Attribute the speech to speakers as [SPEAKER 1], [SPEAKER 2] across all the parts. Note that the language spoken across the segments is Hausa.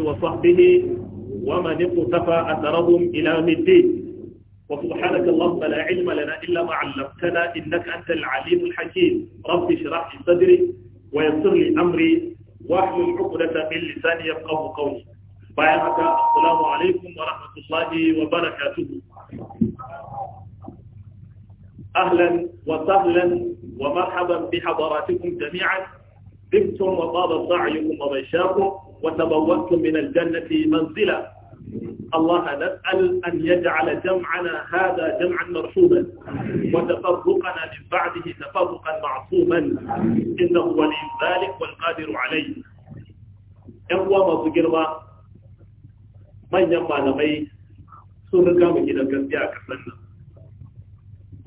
[SPEAKER 1] وصحبه ومن اقتفى أثرهم إلى مدين وسبحانك اللهم لا علم لنا إلا ما علمتنا إنك أنت العليم الحكيم رب اشرح لي صدري ويسر لي أمري واحلل عقدة من لساني يفقه قولي بعدك السلام عليكم ورحمة الله وبركاته أهلا وسهلا ومرحبا بحضراتكم جميعا دمتم وطاب سعيكم وبيشاكم وتبوأتم من الجنة منزلا الله نسأل أن يجعل جمعنا هذا جمعا مرحوما وتفرقنا من بعده تفرقا معصوما إنه ولي ذلك والقادر عليه ‘yan'uwa masu girma
[SPEAKER 2] manyan malamai sun riga mu gidan gaskiya a ƙasar nan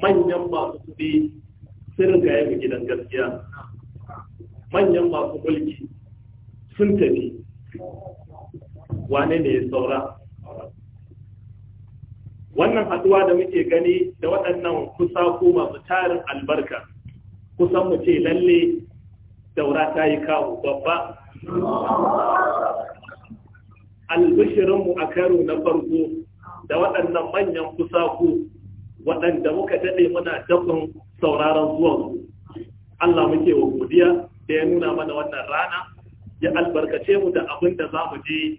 [SPEAKER 2] manyan masu kuɗi sun riga mu gidan gaskiya
[SPEAKER 1] manyan masu mulki sun tafi wane ne ya saura wannan haduwa da muke gani da waɗannan kusa ko masu tarin albarka kusan mu ce lalle daura ta yi kawo babba albishirinmu a karo na farko da waɗannan manyan kusaku waɗanda muka daɗe muna dafin sauraron zuwansu Allah muke wa godiya da ya nuna mana wannan rana ya albarkace mu da abin da za mu ji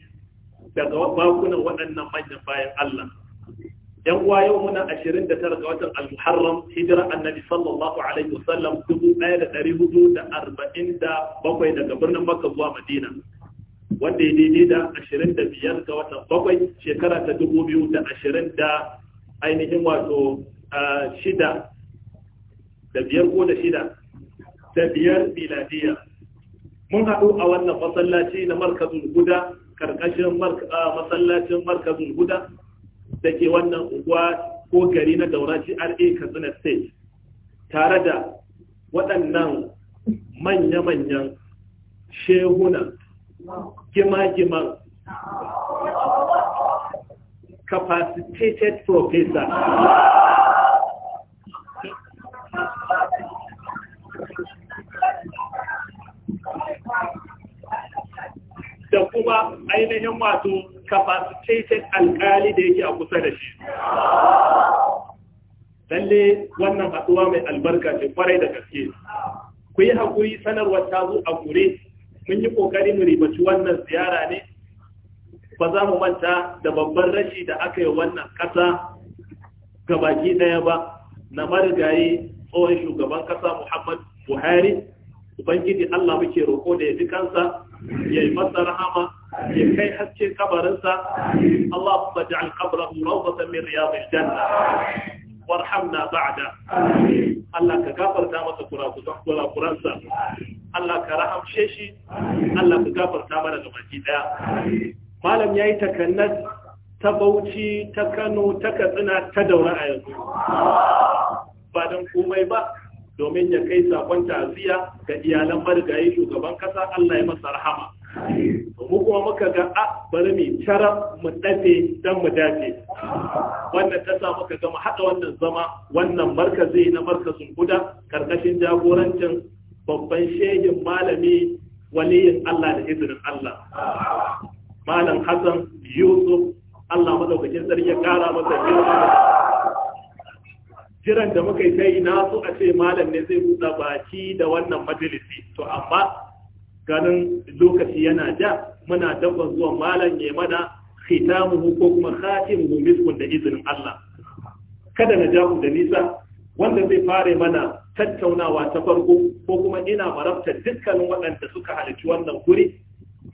[SPEAKER 1] daga bakunan waɗannan manyan bayan Allah. ‘Yan uwa yau muna ashirin da tara ga watan Al-Muharram hijira annabi sallallahu alaihi wasallam dubu ɗaya da ɗari hudu da arba'in da bakwai daga birnin Makka zuwa Madina. Wanda ya daidai da ashirin da biyar ga watan bakwai shekara ta dubu biyu da ashirin da ainihin wato shida da biyar ko da shida da biyar miladiya mun haɗu a wannan masallaci na markazin guda karkashin masallacin markazin guda da ke wannan unguwa ko gari na dauraci ra katsina state tare da waɗannan manya-manyan shehuna gima-giman
[SPEAKER 2] capacitated professor
[SPEAKER 1] da kuma ainihin wato capacitated alkali da yake a kusa da shi lalle wannan haɗuwa mai albarka ce kwarai da gaske ku yi haƙuri sanarwar ta zo a gure mun yi ƙoƙari mu ribaci wannan ziyara ne ba za mu manta da babban rashi da aka yi wannan ƙasa ga baki ɗaya ba na marigayi tsohon shugaban ƙasa muhammad buhari ubangiji allah muke roƙo da ya ji kansa ya yi masa rahama ya kai haske kabarinsa Allahumma ja'al qabrahu rawdatan min riyadil janna warhamna ba'da Allah ka gafarta masa kurakuransa Allah ka rahamshe shi Allah ka gafarta mana ga baki daya malam yayi takannat ta Bauchi ta Kano ta Katsina ta Daura a yanzu ba dan komai ba domin ya kai sakon ta'aziyya ga iyalan marigayi shugaban kasa Allah ya masa rahama mu kuma muka ga a ah, bari mu cara mu dafe dan mu dafe wannan ta sa muka gama haɗa wannan zama wannan markazi na markazin guda karkashin jagorancin babban shehin malami waliyin Allah da izinin Allah malam Hassan Yusuf Allah madaukakin sarki ya kara masa girma jiran da muka yi ta yi na so a ce malam ne zai buɗe baki da wannan majalisi to amma ganin lokaci yana ja muna dabban zuwa malam ya mana khitamuhu ko kuma khatimuhu miskun da izinin Allah kada na ja ku da nisa wanda zai fare mana tattaunawa ta farko ko kuma ina marabta dukkanin waɗanda suka halarci wannan guri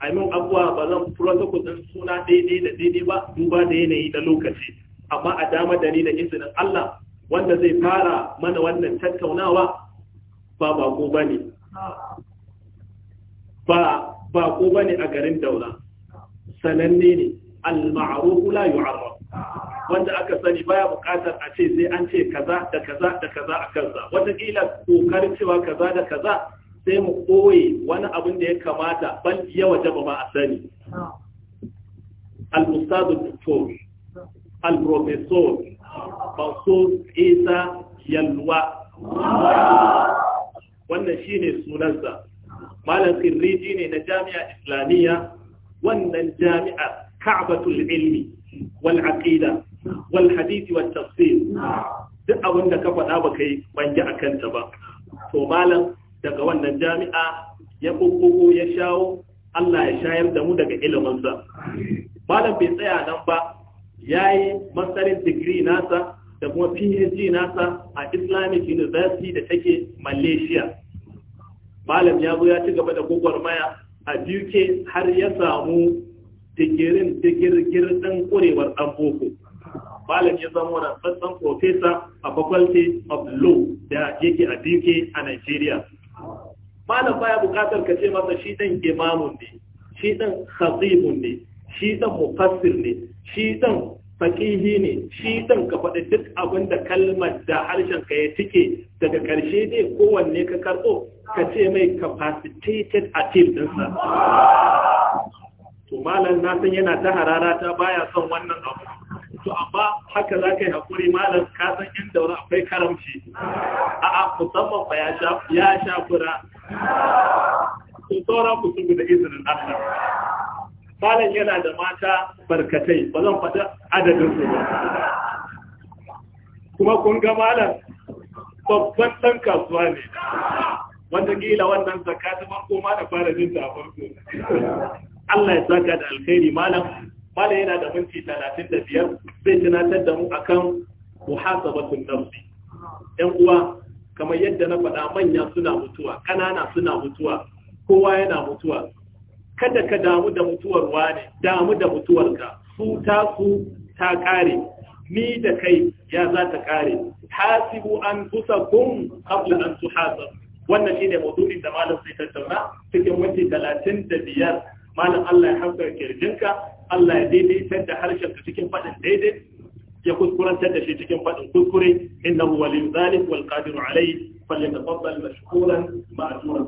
[SPEAKER 1] a min abuwa ba zan protocol ɗin suna daidai da daidai ba duba da yanayi da lokaci amma a dama da ni da izinin Allah wanda zai fara mana wannan tattaunawa ba bako ba ne ba bako ba ne a garin daula sananne ne al-ma'arufu la yu'arraf wanda aka sani baya bukatar a ce sai an ce kaza da kaza da kaza a kansa wataƙila kokarin cewa kaza da kaza sai mu koye wani abin da ya kamata ban ya waje ba a sani al-ustadu al-professor mansur isa yalwa wannan shine sunansa malam kirriji ne na jami'a islamiyya wannan jami'a ka'batul ilmi wal aqida wal hadisi, wal tafsir duk abin da ka faɗa ba kai banji a kanta ba to malam daga wannan jami'a ya kokoko ya shawo Allah ya shayar da mu daga iliminsa malam bai tsaya nan ba ya yi masarin digiri nasa da kuma phd nasa a islamic university da take malaysia malam ya zo ya ci gaba da gugwar maya a uk har ya samu digirin digirgir ɗan ƙurewar ɗan boko malam ya zama wani tsantsan professor a faculty of law da yake a uk a nigeria malam baya bukatar ka ce masa shi ɗan imamun ne shi ɗan khatibun ne shi ɗan mufassir ne shi ɗan faƙihi ne shi ɗan ka faɗi duk abin da kalmar da harshen ka ya tike daga ƙarshe ne kowanne ka karɓo ka ce mai capacitated appeal ɗinsa to malam na san yana ta harara ta baya son wannan abu to amma haka za ka yi haƙuri malam ka san yan daura akwai karamci a'a musamman ba ya sha fura to ku mutum da izinin Allah malam yana da mata barkatai ba zan faɗi adadin su ba kuma kun ga malam babban ɗan kasuwa ne gila wannan zakka ta farko ma da fara jin tafar farko Allah ya saka da alkhairi malam malam yana da minti talatin da biyar zai tunatar da mu akan muhasabatun damsi. yan uwa kamar yadda na faɗa manya suna mutuwa ƙanana suna mutuwa kowa yana mutuwa kada ka damu da mutuwar wane damu da mutuwarka su ta su ta kare ni da kai ya za ta kare hasibu an kun qabla an hasar wannan shine maudu'in da malam sai tattauna cikin minti talatin da biyar malam Allah ya hankar kirjinka Allah ya daidaita da harshen ka cikin faɗin daidai ya kuskurantar da shi cikin faɗin kuskure innahu waliyyu zalik wal qadiru alayhi falyatafaddal mashkuran ma'juran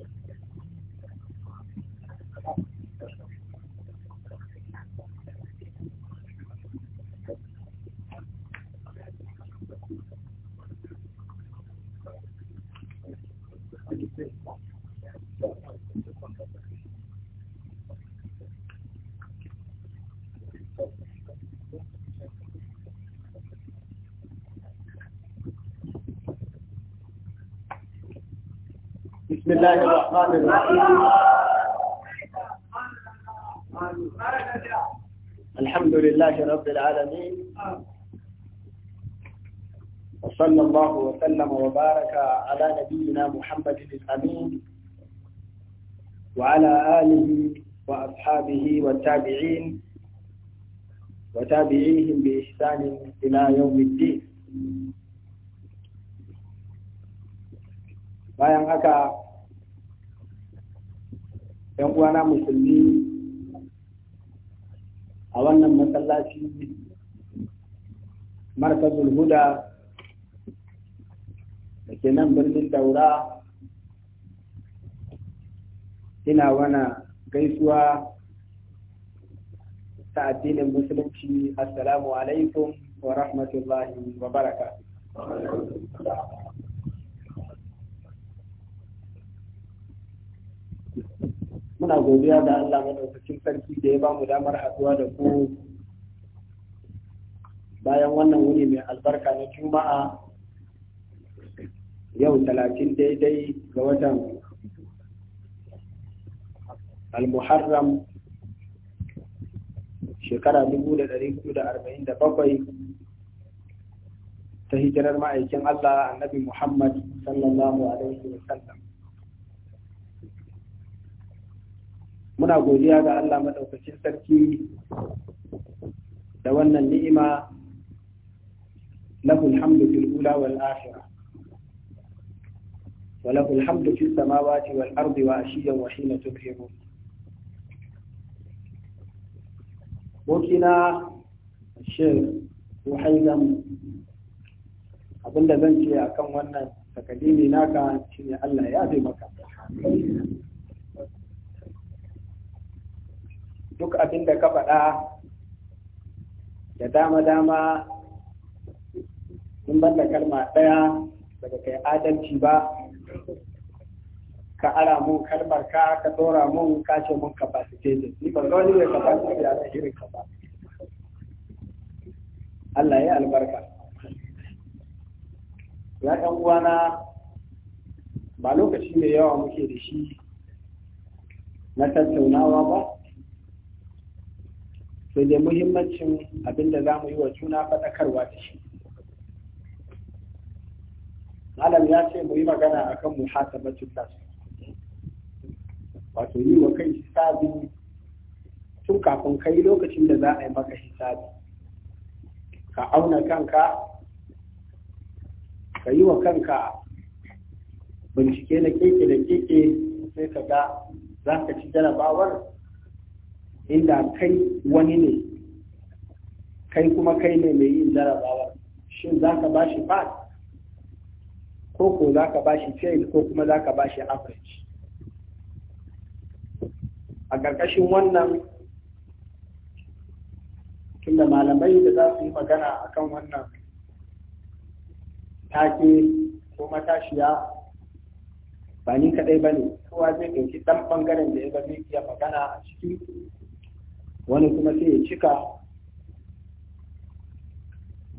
[SPEAKER 1] الله الرحمن الرحيم الحمد لله رب العالمين وصلى الله وسلم وبارك على نبينا محمد الأمين وعلى آله وأصحابه والتابعين وتابعيهم بإحسان إلى يوم الدين bayan haka yan uwana musulmi a wannan masallaci markazul huda da ke nan birnin daura ina wana gaisuwa ta addinin musulunci assalamu alaikum wa rahmatullahi wa baraka muna godiya da Allah madaukakin sarki da ya ba mu damar haɗuwa da ku bayan wannan wuni mai albarka na juma'a yau talatin daidai ga watan al-muharram shekara 1447 ta hijirar ma'aikin Allah annabi Muhammad sallallahu alaihi wasallam muna godiya ga Allah maɗaukacin sarki da wannan ni'ima lahu alhamdu fil ula wal akhirah wa lahu alhamdu fis samawati wal ardi wa ashiyan wa hina bokina shir ko abinda zan ce akan wannan takadimi naka shine Allah ya maka duk abin da ka faɗa da dama-dama ban da kalma ɗaya daga kai adalci ba ka ara mun kalmar ka ka tsora mun ka ce mun capacitated ni ba wani ne capacity a irin ka ba Allah ya albarka ya ɗan uwana ba lokaci mai yawa muke da shi na tattaunawa ba sai dai muhimmancin abinda za mu yi wa juna faɗakarwa da shi malam ya ce mu yi magana a akan muhasabatu su. wato yi wa kai hisabi tun kafin kai lokacin da za a yi maka hisabi ka auna kanka ka yi wa kanka bincike na keke da keke sai ka ga za ka ci jarabawar inda kai wani ne kai kuma kai ne mai yin jarabawa shin za ka ba shi pass ko ko za ka ba shi fail ko kuma za ka ba shi average a ƙarƙashin wannan tunda malamai da za su yi magana akan wannan take ko matashiya ba ni kaɗai ba ne kowa zai ɗauki ɗan ɓangaren da ya ba zai iya magana a ciki wani kuma sai ya cika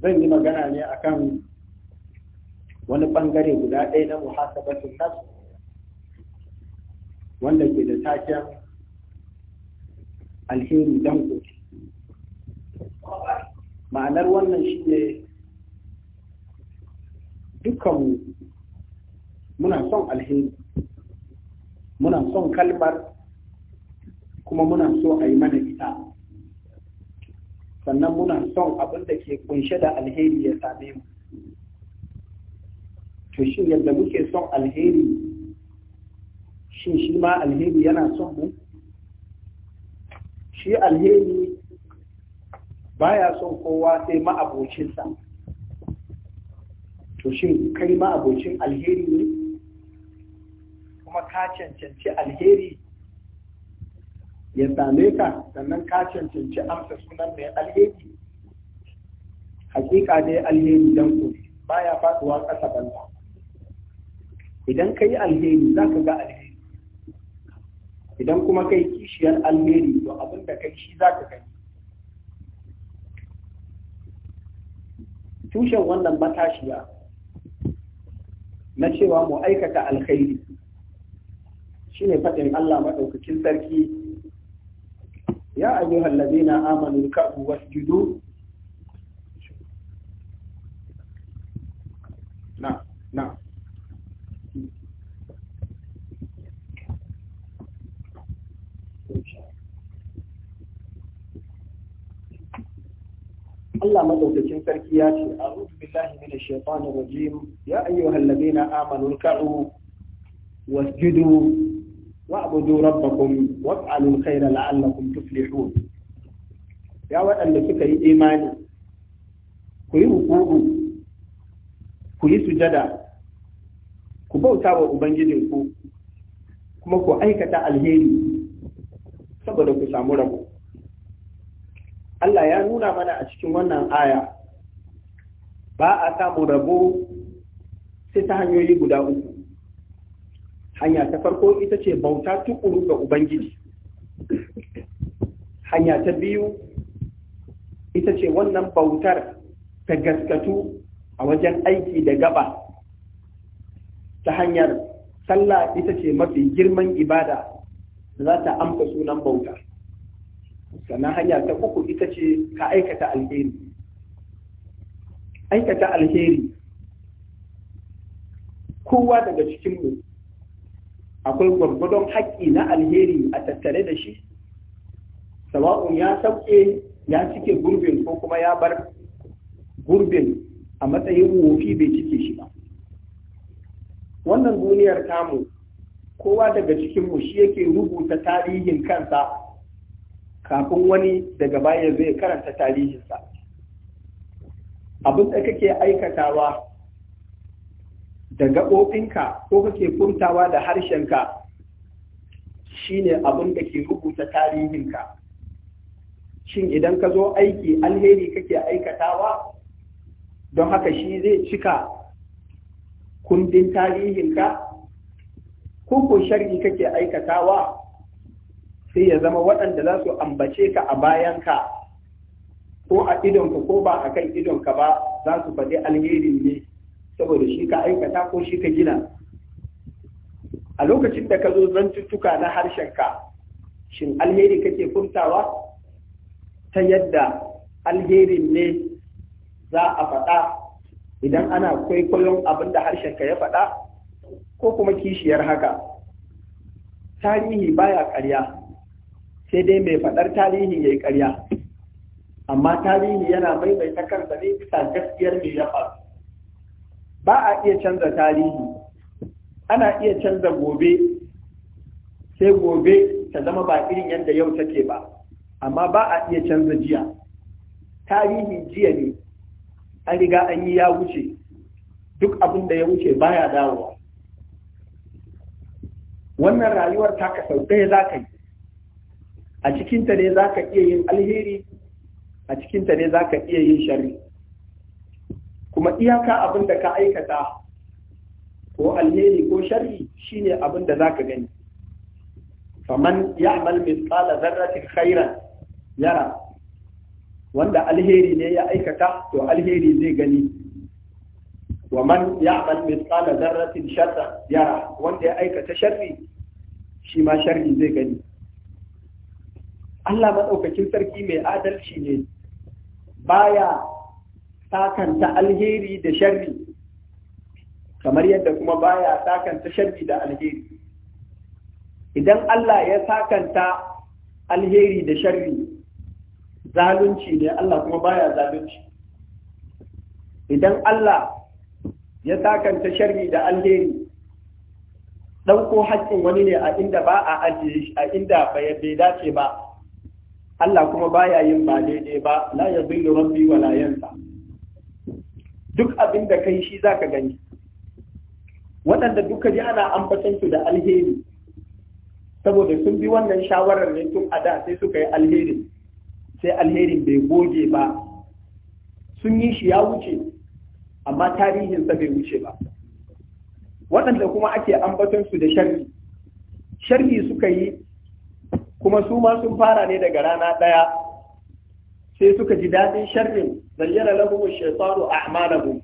[SPEAKER 1] zan yi magana ne akan wani bangare guda ɗaya na muhasabatun nafs wanda ke da taken alheri danko ma'anar wannan shi ne dukkanmu muna son alheri muna son kalmar kuma muna so a yi mana ita sannan muna son abin da ke kunshe da alheri ya same mu to shi yadda muke son alheri shi shi ma alheri yana son mu shi alheri baya son kowa sai ma'abocinsa to shi kai ma'abocin alheri ne kuma ka cancanci alheri ya same ka sannan ka cancanci amsa sunan mai alheri hakika dai alheri dan ku baya faduwa ƙasa banza idan ka yi alheri za ka ga alheri idan kuma ka yi kishiyar alheri to abin da kai shi za ka gani tushen wannan matashiya na cewa mu aikata alkhairi shine faɗin Allah maɗaukakin sarki يا أيها الذين آمنوا اركعوا واسجدوا نعم نعم Allah madaukakin sarki ya ce a rubu billahi mina shaitanin rajim ya ayyuhal ladina wa'budu rabbakum wa'alu khaira la'allakum tuflihun ya waɗanda suka yi imani ku yi hukuku ku yi sujada ku bauta wa ubangijinku kuma ku aikata alheri saboda ku samu rabo Allah ya nuna mana a cikin wannan aya ba a samu rabo sai ta hanyoyi guda uku hanya ta farko ita ce bauta tukuru ga ubangiji hanya ta biyu ita ce wannan bautar ta gaskatu a wajen aiki da gaba ta hanyar sallah ita ce mafi girman ibada da za ta amsa sunan bauta sannan hanya ta uku ita ce ka aikata alheri aikata alheri kowa daga cikinmu akwai gwargwadon haƙƙi na alheri a tattare da shi sawa'un ya sauke ya cike gurbin ko kuma ya bar gurbin a matsayin wofi bai cike shi ba wannan duniyar tamu kowa daga cikinmu shi yake rubuta tarihin kansa kafin wani daga baya zai karanta tarihinsa abin da kake aikatawa da gaɓoɓinka ko kake furtawa da harshenka shine abin da ke rubuta tarihinka shin idan ka zo aiki alheri kake aikatawa don haka shi zai cika kundin tarihinka ko ko shari'i kake aikatawa sai ya zama waɗanda za su ambace ka a bayanka ko a idonka ko ba a kan idonka ba za su faɗi alherin ne saboda shi ka aikata ko shi ka gina a lokacin da ka zo zantuttuka na harshenka shin alheri kake furtawa ta yadda alherin ne za a faɗa idan ana kwaikwayon abin da harshenka ya faɗa ko kuma kishiyar haka tarihi baya karya, sai dai mai faɗar tarihi ya yi ƙarya amma tarihi yana maimaita kansa ne bisa gaskiyar mai ya faru ba a iya canza tarihi ana iya canza gobe sai gobe ta zama ba irin yadda yau take ba amma ba a iya canza jiya tarihi jiya ne an riga an yi ya wuce duk abin da ya wuce baya dawowa wannan rayuwar ta ka ɗaya za ka yi a cikinta ne za ka iya yin alheri a cikinta ne za ka iya yin shari'a kuma iyaka abin da ka aikata ko alheri ko sharri shine abin da zaka gani faman ya'mal mithqala dharratin khairan yara wanda alheri ne ya aikata to alheri zai gani wa man ya'mal mithqala dharratin sharra yara wanda ya aikata sharri shi ma sharri zai gani Allah madaukakin sarki mai adalci ne baya sakanta alheri da sharri kamar yadda kuma baya sakanta sharri da alheri idan Allah ya sakanta alheri da sharri zalunci ne Allah kuma baya zalunci idan Allah ya sakanta sharri da alheri ɗauko haƙƙin wani ne a inda ba a ajiye shi a inda bai dace ba Allah kuma baya yin ba daidai ba la ya rabbi wa la yansa duk abin da kai shi zaka gani waɗanda duka ji ana ambatansu su da alheri saboda sun bi wannan shawarar ne tun a da sai suka yi alheri sai alherin bai goge ba sun yi shi ya wuce amma tarihinsa bai wuce ba waɗanda kuma ake ambatan su da sharri sharri suka yi kuma su ma sun fara ne daga rana ɗaya sai suka ji daɗin sharrin zayyana lahu ash-shaytanu a'malahu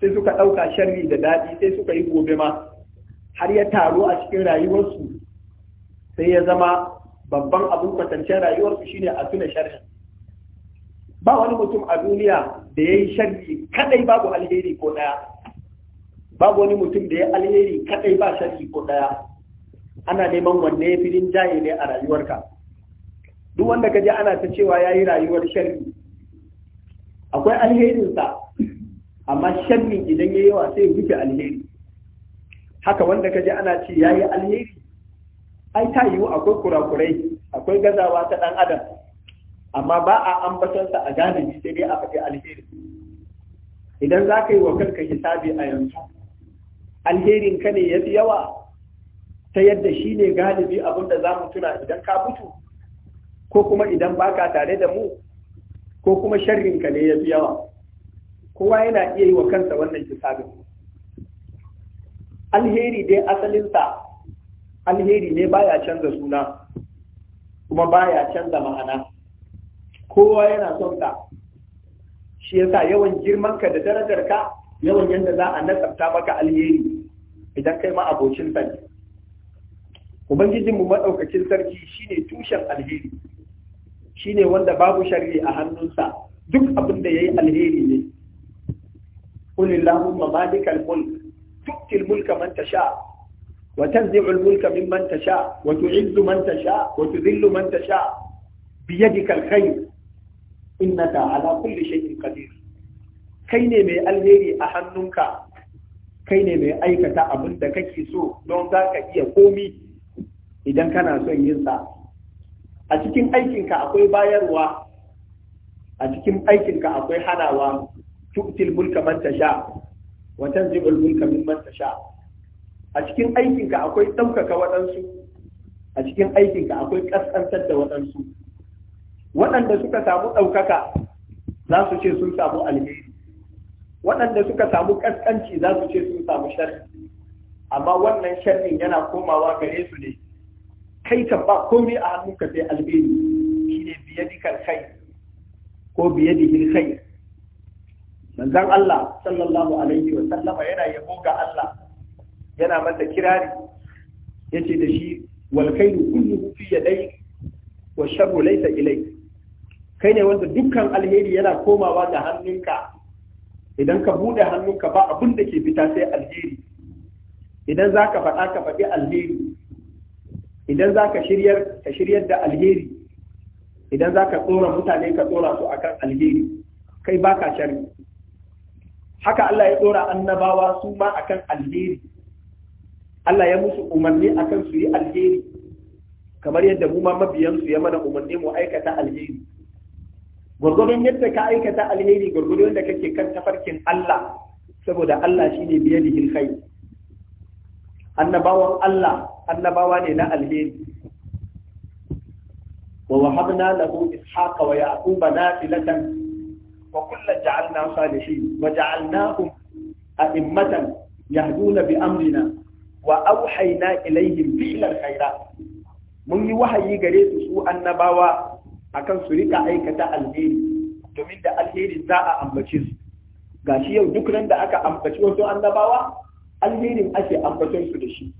[SPEAKER 1] sai suka ɗauka sharri da daɗi sai suka yi gobe ma har ya taru a cikin rayuwarsu sai ya zama babban abin kwatancen rayuwarsu shine a tuna sharrin ba wani mutum a duniya da ya yi sharri kadai babu alheri ko ɗaya babu wani mutum da ya alheri kadai ba sharri ko ɗaya ana neman wanne filin jaye ne a rayuwarka duk wanda ka ji ana ta cewa ya yi rayuwar sharri akwai alherinsa amma sharrin idan ya yawa sai rufe alheri haka wanda ka ji ana ce ya yi alheri ai ta yiwu akwai kurakurai akwai gazawa ta ɗan adam amma ba a ambatonsa a gane sai dai a faɗi alheri idan za ka yi wa kanka hisabi a yanzu alherin ka ne ya fi yawa ta yadda shi ne galibi abin da za mu tuna idan ka mutu ko kuma idan baka tare da mu ko kuma sharrinka ne ya fi yawa kowa yana iya yi wa kansa wannan hisabin alheri dai asalinsa alheri ne baya canza suna kuma baya canza ma'ana kowa yana son ka shi yasa yawan girmanka da ka yawan yadda za a nasabta maka alheri idan kai ma abocin sani ubangijinmu maɗaukacin sarki shine tushen alheri Shi ne wanda babu sharri a hannunsa duk abin da yi alheri ne qul allahumma malikal mulk tu'ti mulka man tasha wa tanzi'u al mulka mimman tasha wa tu'izzu man tasha wa tudhillu man tasha bi yadika al khair innaka ala kulli shay'in qadir kai ne mai alheri a hannunka kai ne mai aikata abin da kake so don za ka iya komi idan kana son yin sa a cikin aikinka akwai bayarwa a cikin aikinka akwai hanawa tu'til mulka man tasha wa tanzibul mulka mimman tasha a cikin aikinka akwai ɗaukaka waɗansu a cikin aikinka akwai ƙasƙantar da waɗansu waɗanda suka samu ɗaukaka za su ce sun samu alheri waɗanda suka samu ƙasƙanci za su ce sun samu sharri amma wannan sharrin yana komawa gare su ne kai ka ba komai a hannunka sai alheri ne biye dikan kai ko biyadihil kai manzon Allah sallallahu alaihi wa sallama yana yabo ga Allah yana masa kirari yace da shi wal kaidu kullu fi yadai wa sharru laysa ilayk kai ne wanda dukkan alheri yana komawa ga hannunka idan ka bude hannunka ba abin da ke fita sai alheri idan za ka faɗa ka faɗi alheri idan za ka shiryar da alheri idan za ka tsora mutane ka tsora su akan alheri kai baka shari. haka Allah ya tsora annabawa su ma akan alheri Allah ya musu umarni akan su yi alheri kamar yadda mu ma mabiyansu ya mana umarni mu aikata alheri gwargwadon yadda ka aikata alheri gwargwadon yadda kake kan tafarkin Allah saboda Allah shine biye da hilkai annabawan Allah annabawa ne na alheri wa wahabna lahu ishaqa wa yaquba nafilatan wa kullan ja'alna salihin wa ja'alnahum a'immatan yahduna bi amrina wa auhayna ilaihim filar khairat mun yi wahayi gare su su annabawa akan su rika aikata alheri domin da alheri za a ambace su gashi yau duk ran da aka ambaci wasu annabawa alherin ake ambaton su da shi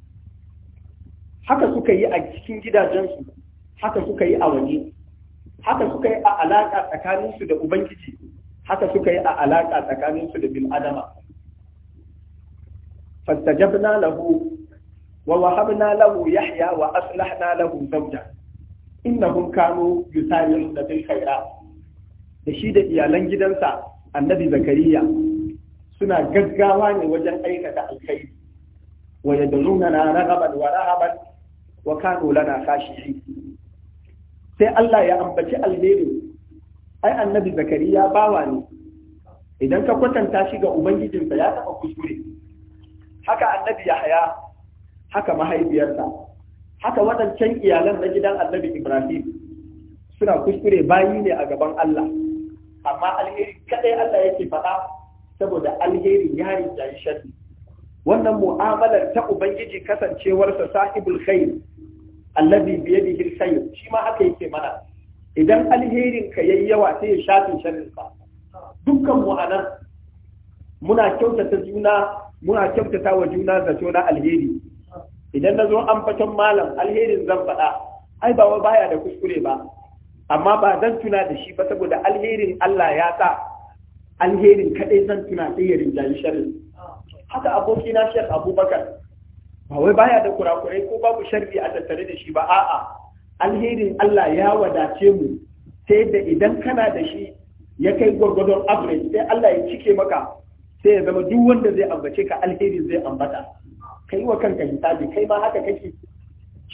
[SPEAKER 1] haka suka yi a cikin gidajensu haka suka yi a waje haka suka yi a alaƙa tsakaninsu da ubangiji haka suka yi a alaƙa tsakaninsu da adama fastajabna lahu wa wahabna lahu yahya wa aslahna lahu zawja innahum kanu yusari'una bil khairat da shi da iyalan gidansa annabi zakariya suna gaggawa ne wajen aikata alkhairi wa na raghaban wa rahaban wa kanu lana khashi'in sai Allah ya ambaci alheri ai annabi zakariya bawa ne idan ka kwatanta shi ga ubangijinsa ya taba kuskure haka annabi yahaya haka mahaifiyarsa haka waɗancan iyalan na gidan annabi ibrahim suna kuskure bayi ne a gaban Allah amma alheri kadai Allah yake faɗa saboda alheri ya rinjayi sharri wannan mu'amalar ta ubangiji kasancewarsa sahibul khair allazi bi yadihi alkhair shi ma haka yake mana idan alherin ka yayi yawa sai ya shafe sharrin ka dukkan mu anan muna kyautata juna muna kyautata wa juna zato na alheri idan na zo an fatan malam alherin zan faɗa ai ba baya da kuskure ba amma ba zan tuna da shi ba saboda alherin Allah ya sa alherin kaɗai zan tuna sai ya rinjayi sharri haka aboki na shek abubakar ba wai baya da kurakurai ko babu sharri a tattare da shi ba a'a alherin Allah ya wadace mu sai da idan kana da shi ya kai gwargwadon average sai Allah ya cike maka sai ya zama duk wanda zai ambace ka alherin zai ambata kai wa kanka hisabi kai ma haka kake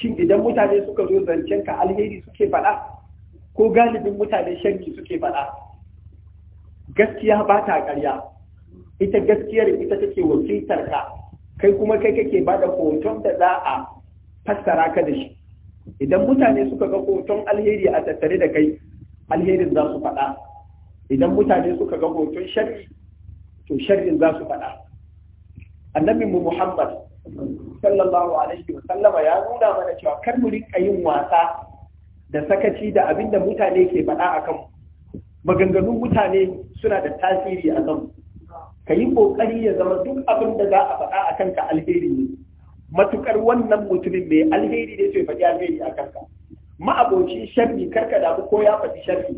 [SPEAKER 1] shin idan mutane suka zo zancen ka alheri suke faɗa ko galibin mutane sharri suke faɗa gaskiya ba ta ƙarya ita gaskiyar ita take wakiltar ka kai kuma kai kake ba da hoton da za a fassara ka da shi idan mutane suka ga hoton alheri a tattare da kai alherin za su faɗa idan mutane suka ga hoton sharri to sharrin za su faɗa annabi mu muhammad sallallahu alaihi wa sallama ya nuna mana cewa kar mu rinka yin wasa da sakaci da abinda mutane ke faɗa akan mu maganganun mutane suna da tasiri a kan ka yi kokari ya zama duk abin da za a faɗa a kanka alheri ne matukar wannan mutumin mai alheri ne sai faɗi alheri a kanka ma'aboci sharri karka damu ko ya faɗi sharri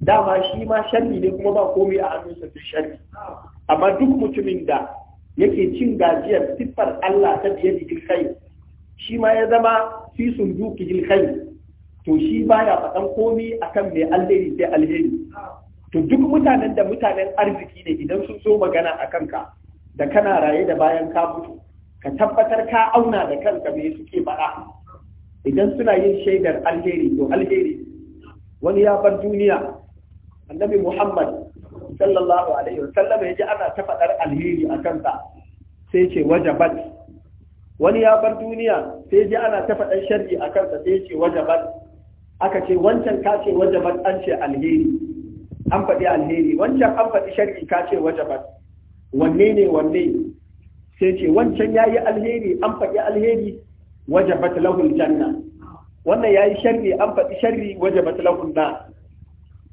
[SPEAKER 1] dama shi ma sharri ne kuma ba komai a hannunsa duk sharri amma duk mutumin da yake cin gajiyar siffar Allah ta biyar jil kai shi ma ya zama fi sunduki jil kai to shi baya faɗan komi akan mai alheri sai alheri to duk mutanen da mutanen arziki ne idan sun so magana a kanka da kana raye da bayan ka mutu ka tabbatar ka auna da kanka me suke faɗa idan suna yin shaidar alheri to alheri wani ya bar duniya annabi muhammad sallallahu alaihi wasallam ya ji ana ta faɗar alheri a kansa sai ce wajabat wani ya bar duniya sai ji ana ta faɗar sharri a kansa sai ce wajabat aka ce wancan ka ce wajabat an ce alheri an faɗi alheri wancan an faɗi sharri ka ce wajabat wanne ne wanne sai ce wancan ya yi alheri an faɗi alheri wajabat lahul janna wannan ya yi sharri an faɗi sharri wajabat lahul na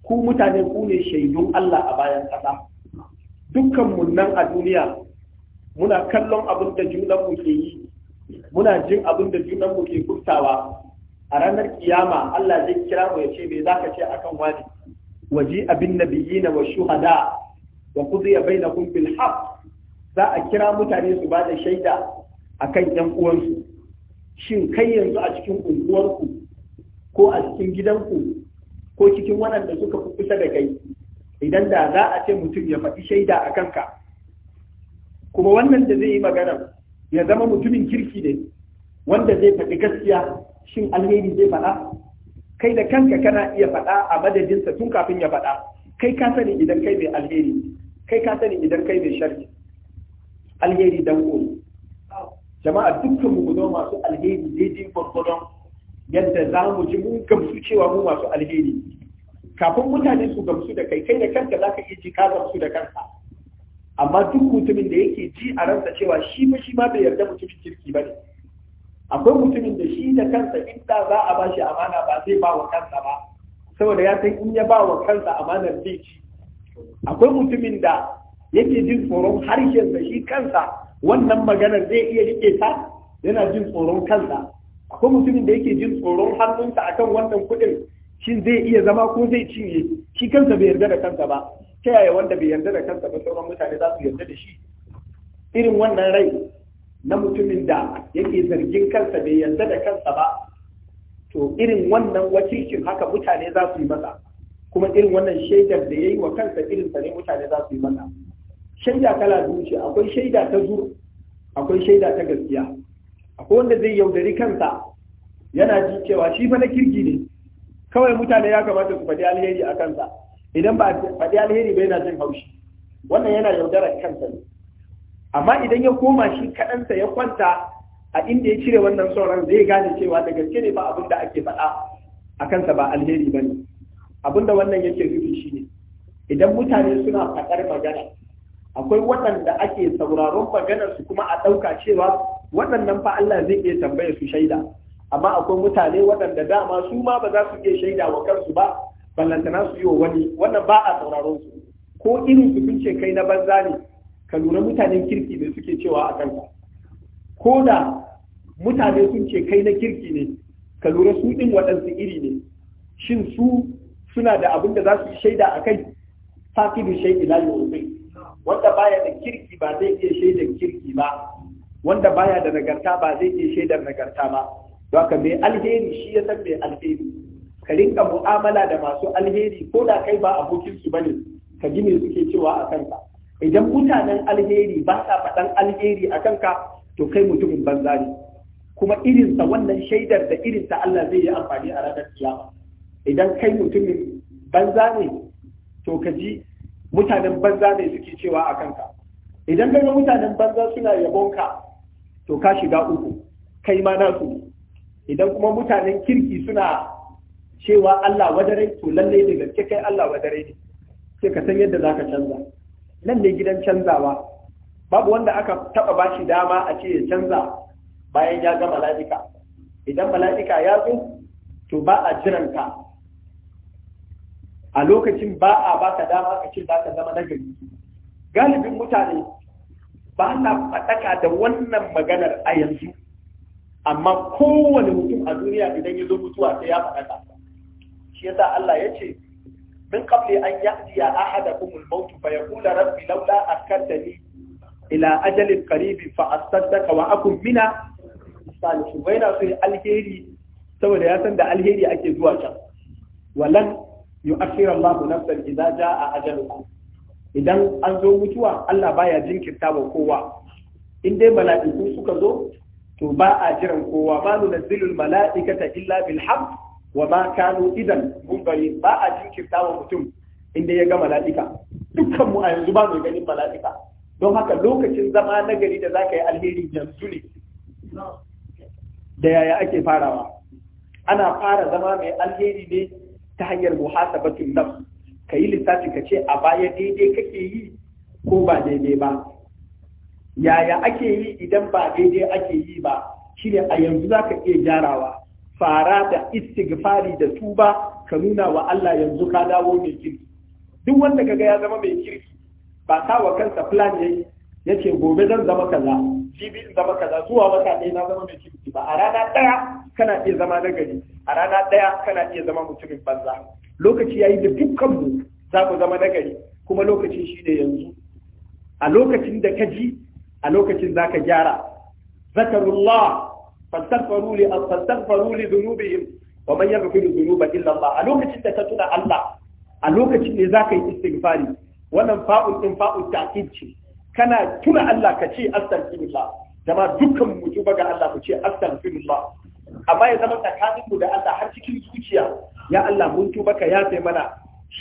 [SPEAKER 1] ku mutane ku ne shaidun Allah a bayan ƙasa dukkan mu nan a duniya muna kallon abin da junanmu ke yi muna jin abin da junanmu ke kurtawa a ranar kiyama Allah zai kira mu ya ce me za ka ce akan wani waji abin na hada wa shuhada zai bai na kumfin haf za a kira mutane su ba da shaida akan yan uwansu shin kai yanzu a cikin unguwarku ko a cikin gidanku ko cikin waɗanda suka fi kusa da kai idan da za a ce mutum ya faɗi shaida a kanka kuma wannan da zai yi magana ya zama mutumin kirki ne wanda zai faɗi gaskiya shin alheri zai faɗa kai da kanka kana iya faɗa a madadinsa tun kafin ya faɗa kai ka sani idan kai mai alheri kai ka sani idan kai mai sharri alheri dan uwa. jama'a dukkan mu zo masu alheri daidai gwargwadon yadda za mu ji mun gamsu cewa mu masu alheri kafin mutane su gamsu da kai kai da kanka za ka iya ji ka gamsu da kanka amma duk mutumin da yake ji a ransa cewa shi ma shi ma bai yarda mutumin kirki ba ne akwai mutumin da shi da kansa inda za a bashi amana ba zai ba wa kansa ba saboda ya san in ya ba wa kansa amanar zai ci akwai mutumin da yake jin tsoron harshen da shi kansa wannan maganar zai iya rike ta yana jin tsoron kansa akwai mutumin da yake jin tsoron hannunsa akan wannan kuɗin shin zai iya zama ko zai cinye shi kansa bai yarda da kansa ba ta yaya wanda bai yarda da kansa ba sauran mutane za su yarda da shi irin wannan rai na mutumin da yake zargin kansa bai yarda da kansa ba to irin wannan wakilcin haka mutane za su yi masa kuma irin wannan shaidar da ya yi wa kansa irin sa ne mutane za su yi masa shaida kala biyu ce akwai shaida ta zur akwai shaida ta gaskiya akwai wanda zai yaudari kansa yana ji cewa shi fa na kirki ne kawai mutane ya kamata su faɗi alheri a kansa idan ba faɗi alheri ba yana jin haushi wannan yana yaudarar kansa ne amma idan ya koma shi kaɗansa ya kwanta a inda ya cire wannan sauran zai gane cewa da gaske ne ba abin da ake faɗa a kansa ba alheri ba ne abin da wannan yake rufi shi ne idan mutane suna faɗar magana akwai waɗanda ake sauraron maganar su kuma a ɗauka cewa waɗannan fa Allah zai iya tambaya su shaida amma akwai mutane waɗanda dama su ma ba za su iya shaida wa kansu ba ballantana su yi wa wani wannan ba a sauraron su ko irin su kai na banza ne ka lura mutanen kirki ne suke cewa a kanka ko da mutane sun ce kai na kirki ne ka lura su ɗin waɗansu iri ne shin su suna da abin da za su shaida a kai fakidu shaidi la yu'min wanda baya da kirki ba zai iya shaidar kirki ba wanda baya da nagarta ba zai iya shaidar nagarta ba don haka mai alheri shi ya san mai alheri ka rinka mu'amala da masu alheri ko da kai ba abokinsu ba ne. ka ji suke cewa a kanka idan mutanen alheri ba sa faɗan alheri a kanka to kai mutumin banza ne kuma irinsa wannan shaidar da irinsa Allah zai yi amfani a ranar kiyama idan kai mutumin banza ne to ka ji mutanen banza ne suke cewa a kanka idan ga mutanen banza suna yabonka to ka shiga uku kai ma nasu idan kuma mutanen kirki suna cewa Allah wadare to lallai da gaske kai Allah wadare ne sai ka san yadda zaka canza nan ne gidan canzawa babu wanda aka taba bashi dama a ce ya canza bayan ya ga mala'ika idan mala'ika ya zo to ba a jiran ka a lokacin ba a baka dama ka ce za ka zama nagari galibin mutane ba na faɗaka da wannan maganar a yanzu amma kowane mutum a duniya idan ya zo mutuwa sai ya faɗaka shi yasa Allah ya ce min qabli an ya'tiya ahadakum al-maut fa yaqula rabbi lawla akkadtani ila ajalin qarib fa astaddaka wa akum mina salihin wa yana sai alheri saboda ya san da alheri ake zuwa can walan yu'akhir Allah nafsan idza jaa idan an zo mutuwa Allah baya jinkirta wa kowa in dai mala'iku suka zo to ba jiran kowa ba nu nazzilul mala'ikata illa bil haqq wa ma kanu idan munzari ba a jinkirta wa mutum inda ya ga mala'ika dukkan mu a yanzu ba mai ganin mala'ika don haka lokacin zama na gari da zaka yi alheri yanzu ne da yaya ake farawa ana fara zama mai alheri ne ta hanyar muhasabatin nafs ka yi lissafi ka ce a baya daidai kake yi ko ba daidai ba yaya ake yi idan ba daidai ake yi ba shine a yanzu zaka iya gyarawa fara da istighfari da tuba ka nuna wa Allah yanzu ka dawo mai kirki duk wanda kaga ya zama mai kirki ba ta wa kansa plan yayi yace gobe zan zama kaza jibi in zama kaza zuwa wata ɗaya na zama mai kirki ba a rana ɗaya kana iya zama nagari a rana ɗaya kana iya zama mutumin banza lokaci yayi da dukkan mu za ku zama nagari kuma lokacin shi ne yanzu a lokacin da ka ji a lokacin za ka gyara zakarullah fastaghfiru li fastaghfiru li dhunubihim wa man yaghfiru dhunuba illa Allah a lokacin da ka tuna Allah a lokacin ne zaka yi istighfari wannan fa'ul din fa'ul ta'kid ce kana tuna Allah ka ce astaghfirullah dama dukkan mu tuba ga Allah ku ce astaghfirullah amma ya zama tsakanin mu da Allah har cikin zuciya ya Allah mun tuba ka yafe mana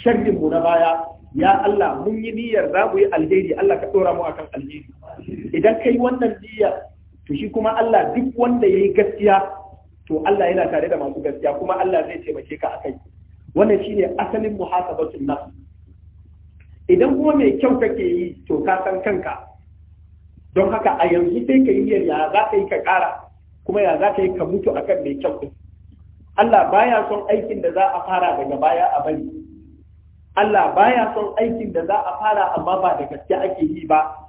[SPEAKER 1] sharrin mu na baya ya Allah mun yi niyyar za mu yi alheri Allah ka dora mu akan alheri idan kai wannan niyyar to shi kuma Allah duk wanda yayi gaskiya to Allah yana tare da masu gaskiya kuma Allah zai taimake ka akai wannan shine asalin muhasabatu nafs idan kuma mai kyau kake yi to ka san kanka don haka a yanzu sai ka yi ya za ka yi ka ƙara kuma ya za ka yi ka mutu akan mai kyau din Allah baya son aikin da za a fara daga baya a bari Allah baya son aikin da za a fara amma ba da gaske ake yi ba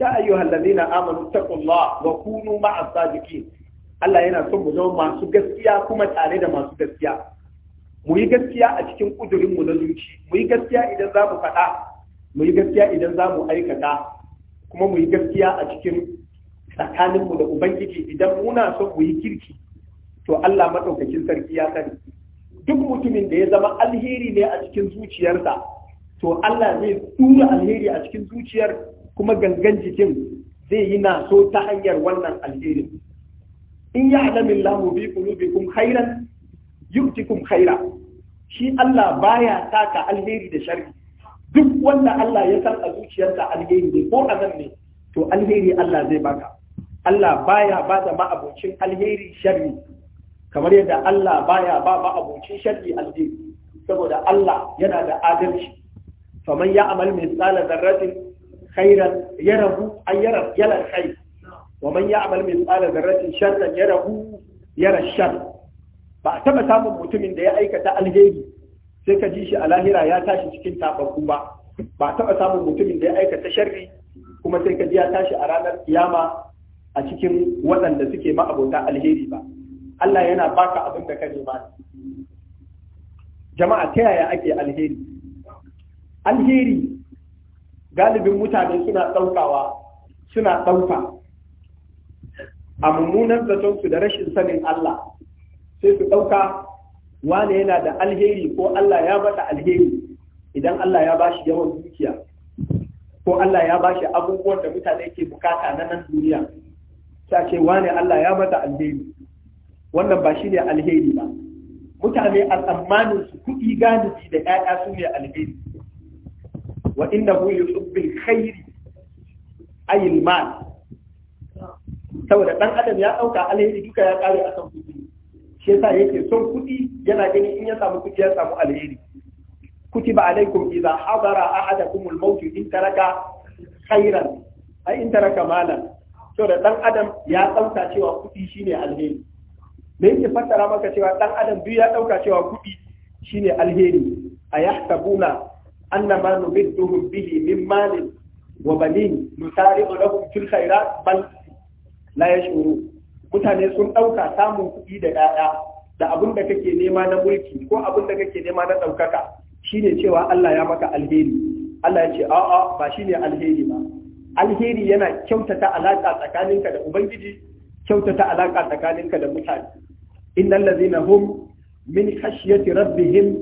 [SPEAKER 1] ya ayyuhal ladina amanu taqullaha wa kunu ma'as sadiqin Allah yana son mu zama masu gaskiya kuma tare da masu gaskiya mu yi gaskiya a cikin kudurinmu na zuci mu yi gaskiya idan za mu faɗa mu yi gaskiya idan za mu aikata kuma mu yi gaskiya a cikin tsakaninmu da ubangiji idan muna so mu yi kirki to Allah maɗaukakin sarki ya sani duk mutumin da ya zama alheri ne a cikin zuciyarsa to Allah zai tura alheri a cikin zuciyar kuma gangan jikin zai yi naso ta hanyar wannan alherin in ya alamin lahu bi qulubikum khairan yuktikum khaira shi Allah baya taka alheri da sharri duk wanda Allah ya san a zuciyarsa alheri ne ko azan ne to alheri Allah zai baka Allah baya ba da ma'abocin alheri sharri kamar yadda Allah baya ba ma'abocin sharri alheri saboda Allah yana da adalci faman ya amal da zarratin khairan yarahu ay yara yala khair wa man ya'mal mithqala dharratin sharran yarahu yara shar ba a taba samun mutumin da ya aikata alheri sai ka ji shi a lahira ya tashi cikin tababbu ba ba a taba samun mutumin da ya aikata sharri kuma sai ka ji ya tashi a ranar iyama a cikin waɗanda suke ma'abota alheri ba Allah yana baka abin da ka nema jama'a ta yaya ake alheri alheri galibin mutane suna ɗaukawa suna ɗauka a mummunan zatonsu da rashin sanin Allah sai su ɗauka wane yana da alheri ko Allah ya bata alheri idan Allah ya bashi yawan dukiya ko Allah ya bashi abubuwan da mutane ke bukata na nan duniya ta ce wane Allah ya bata alheri wannan ba shi ne alheri ba mutane a tsammanin su kuɗi galibi da 'ya'ya su ne alheri wa innahu yuhibbul khairi ayil ma. saboda dan adam ya dauka alheri duka ya kare a kan kudi shi yasa yake son kudi yana gani in ya samu kudi ya samu alheri kutiba alaikum idza hadara ahadakum al-maut in taraka khairan ai in taraka malan saboda dan adam ya dauka cewa kudi shine alheri me yake fassara maka cewa dan adam duk ya dauka cewa kudi shine alheri ayahtabuna أنما نمدهم به من مال وبنين نسارع لهم في الخيرات بل لا يشعرون mutane sun ɗauka samun kuɗi da ɗaya da abin da kake nema na mulki ko abin da kake nema na ɗaukaka shine cewa Allah ya maka alheri Allah ya ce a'a ba shine alheri ba alheri yana kyautata alaƙa tsakaninka da ubangiji kyautata alaƙa tsakaninka da mutane innal ladzina hum min khashyati rabbihim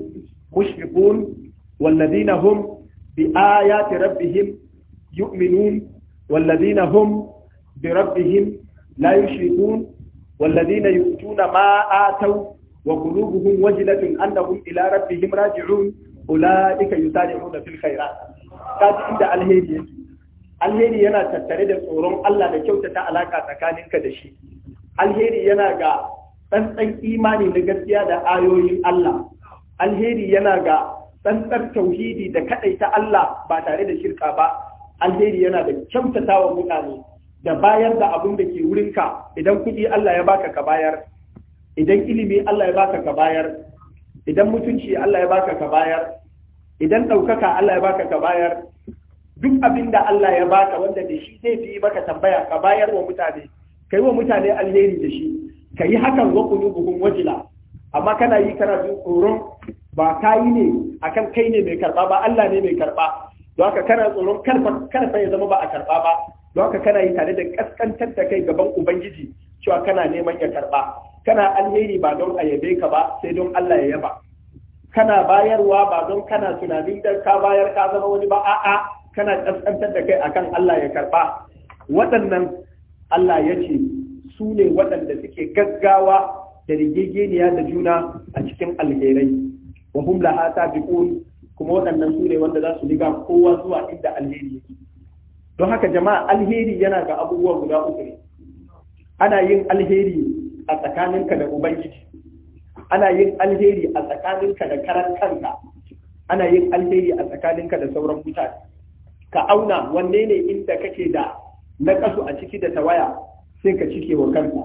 [SPEAKER 1] mushrikun والذين هم بآيات ربهم يؤمنون والذين هم بربهم لا يشركون والذين يؤتون ما آتوا وقلوبهم وجلة أنهم إلى ربهم راجعون أولئك يسارعون في الخيرات kaji inda alheri yake alheri yana tattare da tsoron Allah da kyautata alaƙa tsakaninka da shi alheri yana ga tsantsan imani na gaskiya da ayoyin Allah alheri yana ga tsantsar tauhidi da kaɗaita Allah ba tare da shirka ba alheri yana da kyautata wa mutane da bayar da abin da ke wurinka idan kuɗi Allah ya baka ka bayar idan ilimi Allah ya baka ka bayar idan mutunci Allah ya baka ka bayar idan ɗaukaka Allah ya baka ka bayar duk abin da Allah ya baka wanda da shi zai fi maka tambaya ka bayar wa mutane kai wa mutane alheri da shi ka yi hakan wa qulubuhum wajila amma kana yi kana tsoron ba ka yi ne a kan kai ne mai karɓa ba Allah ne mai karɓa. don haka kana tsoron karfa ya zama ba a karɓa ba don haka kana yi tare da kaskantar da kai gaban ubangiji cewa kana neman ya karɓa. kana alheri ba don a ka ba sai don Allah ya yaba kana bayarwa ba don kana tunanin da ka bayar ka zama wani ba a'a kana kaskantar da kai akan Allah ya karɓa. waɗannan Allah ya ce su ne waɗanda suke gaggawa da rigegeniya da juna a cikin alherai wa hum laha kuma waɗannan su ne wanda za su riga kowa zuwa inda alheri yake don haka jama'a alheri yana ga abubuwa guda uku ne ana yin alheri a tsakaninka da ubangiji ana yin alheri a tsakaninka da karan kanka ana yin alheri a tsakaninka da sauran mutane ka auna wanne ne inda kake da na kasu a ciki da tawaya sai ka cike wa kanka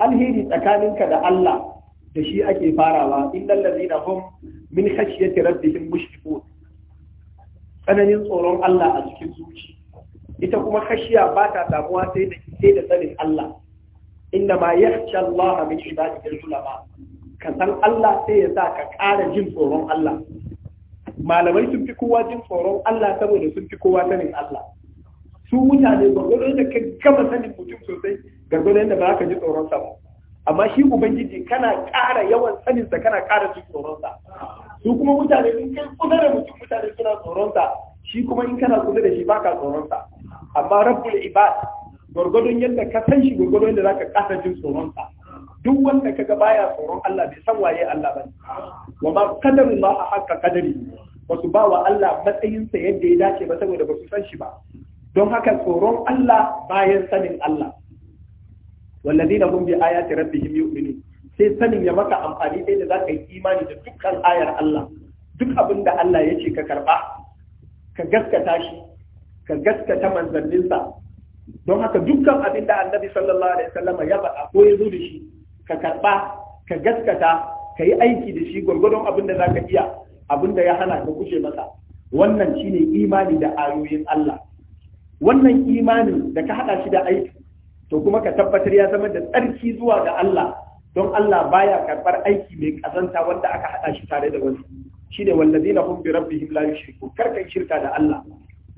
[SPEAKER 1] alheri tsakaninka da Allah da shi ake farawa innal ladina hum min khashyati rabbihim mushfiqun tsananin tsoron Allah a cikin zuci ita kuma khashiya ba ta damuwa sai da sai da tsarin Allah inna ma yakhsha Allah min ibadihi ulama ka san Allah sai ya sa ƙara jin tsoron Allah malamai sun fi kowa jin tsoron Allah saboda sun fi kowa sanin Allah su mutane gwargwado da ka gama sanin mutum sosai gwargwado da ba ka ji tsoron sa ba amma shi ubangiji kana ƙara yawan saninsa kana ƙara jin tsoronsa su kuma mutane in kai kusa da mutum mutane suna tsoronsa shi kuma in kana kusa da shi baka tsoronsa amma rabbul ibad gwargwadon yadda ka san shi gwargwadon yadda zaka kasa jin tsoronsa duk wanda kaga baya tsoron Allah bai san waye Allah bane wa ma qadaru ma haqqa qadari ba su ba wa Allah matsayinsa yadda ya dace ba saboda ba su san shi ba don haka tsoron Allah bayan sanin Allah wallazina hum bi ayati rabbihim yu'minun sai sanin ya maka amfani sai da za ka yi imani da dukkan ayar Allah duk abin da Allah ya ce ka karba ka gaskata shi ka gaskata manzanninsa don haka dukkan abin da annabi sallallahu alaihi Wasallama ya faɗa ko ya zo da shi ka karba ka gaskata ka yi aiki da shi gwargwadon abin da ka iya abin da ya hana ka kushe masa wannan shine imani da ayoyin Allah wannan imanin da ka hada shi da aiki to kuma ka tabbatar ya zama da tsarki zuwa ga Allah don Allah baya karbar aiki mai kazanta wanda aka hada shi tare da wani wallazi na hum bi rabbihim la yushrikun karka shirka da Allah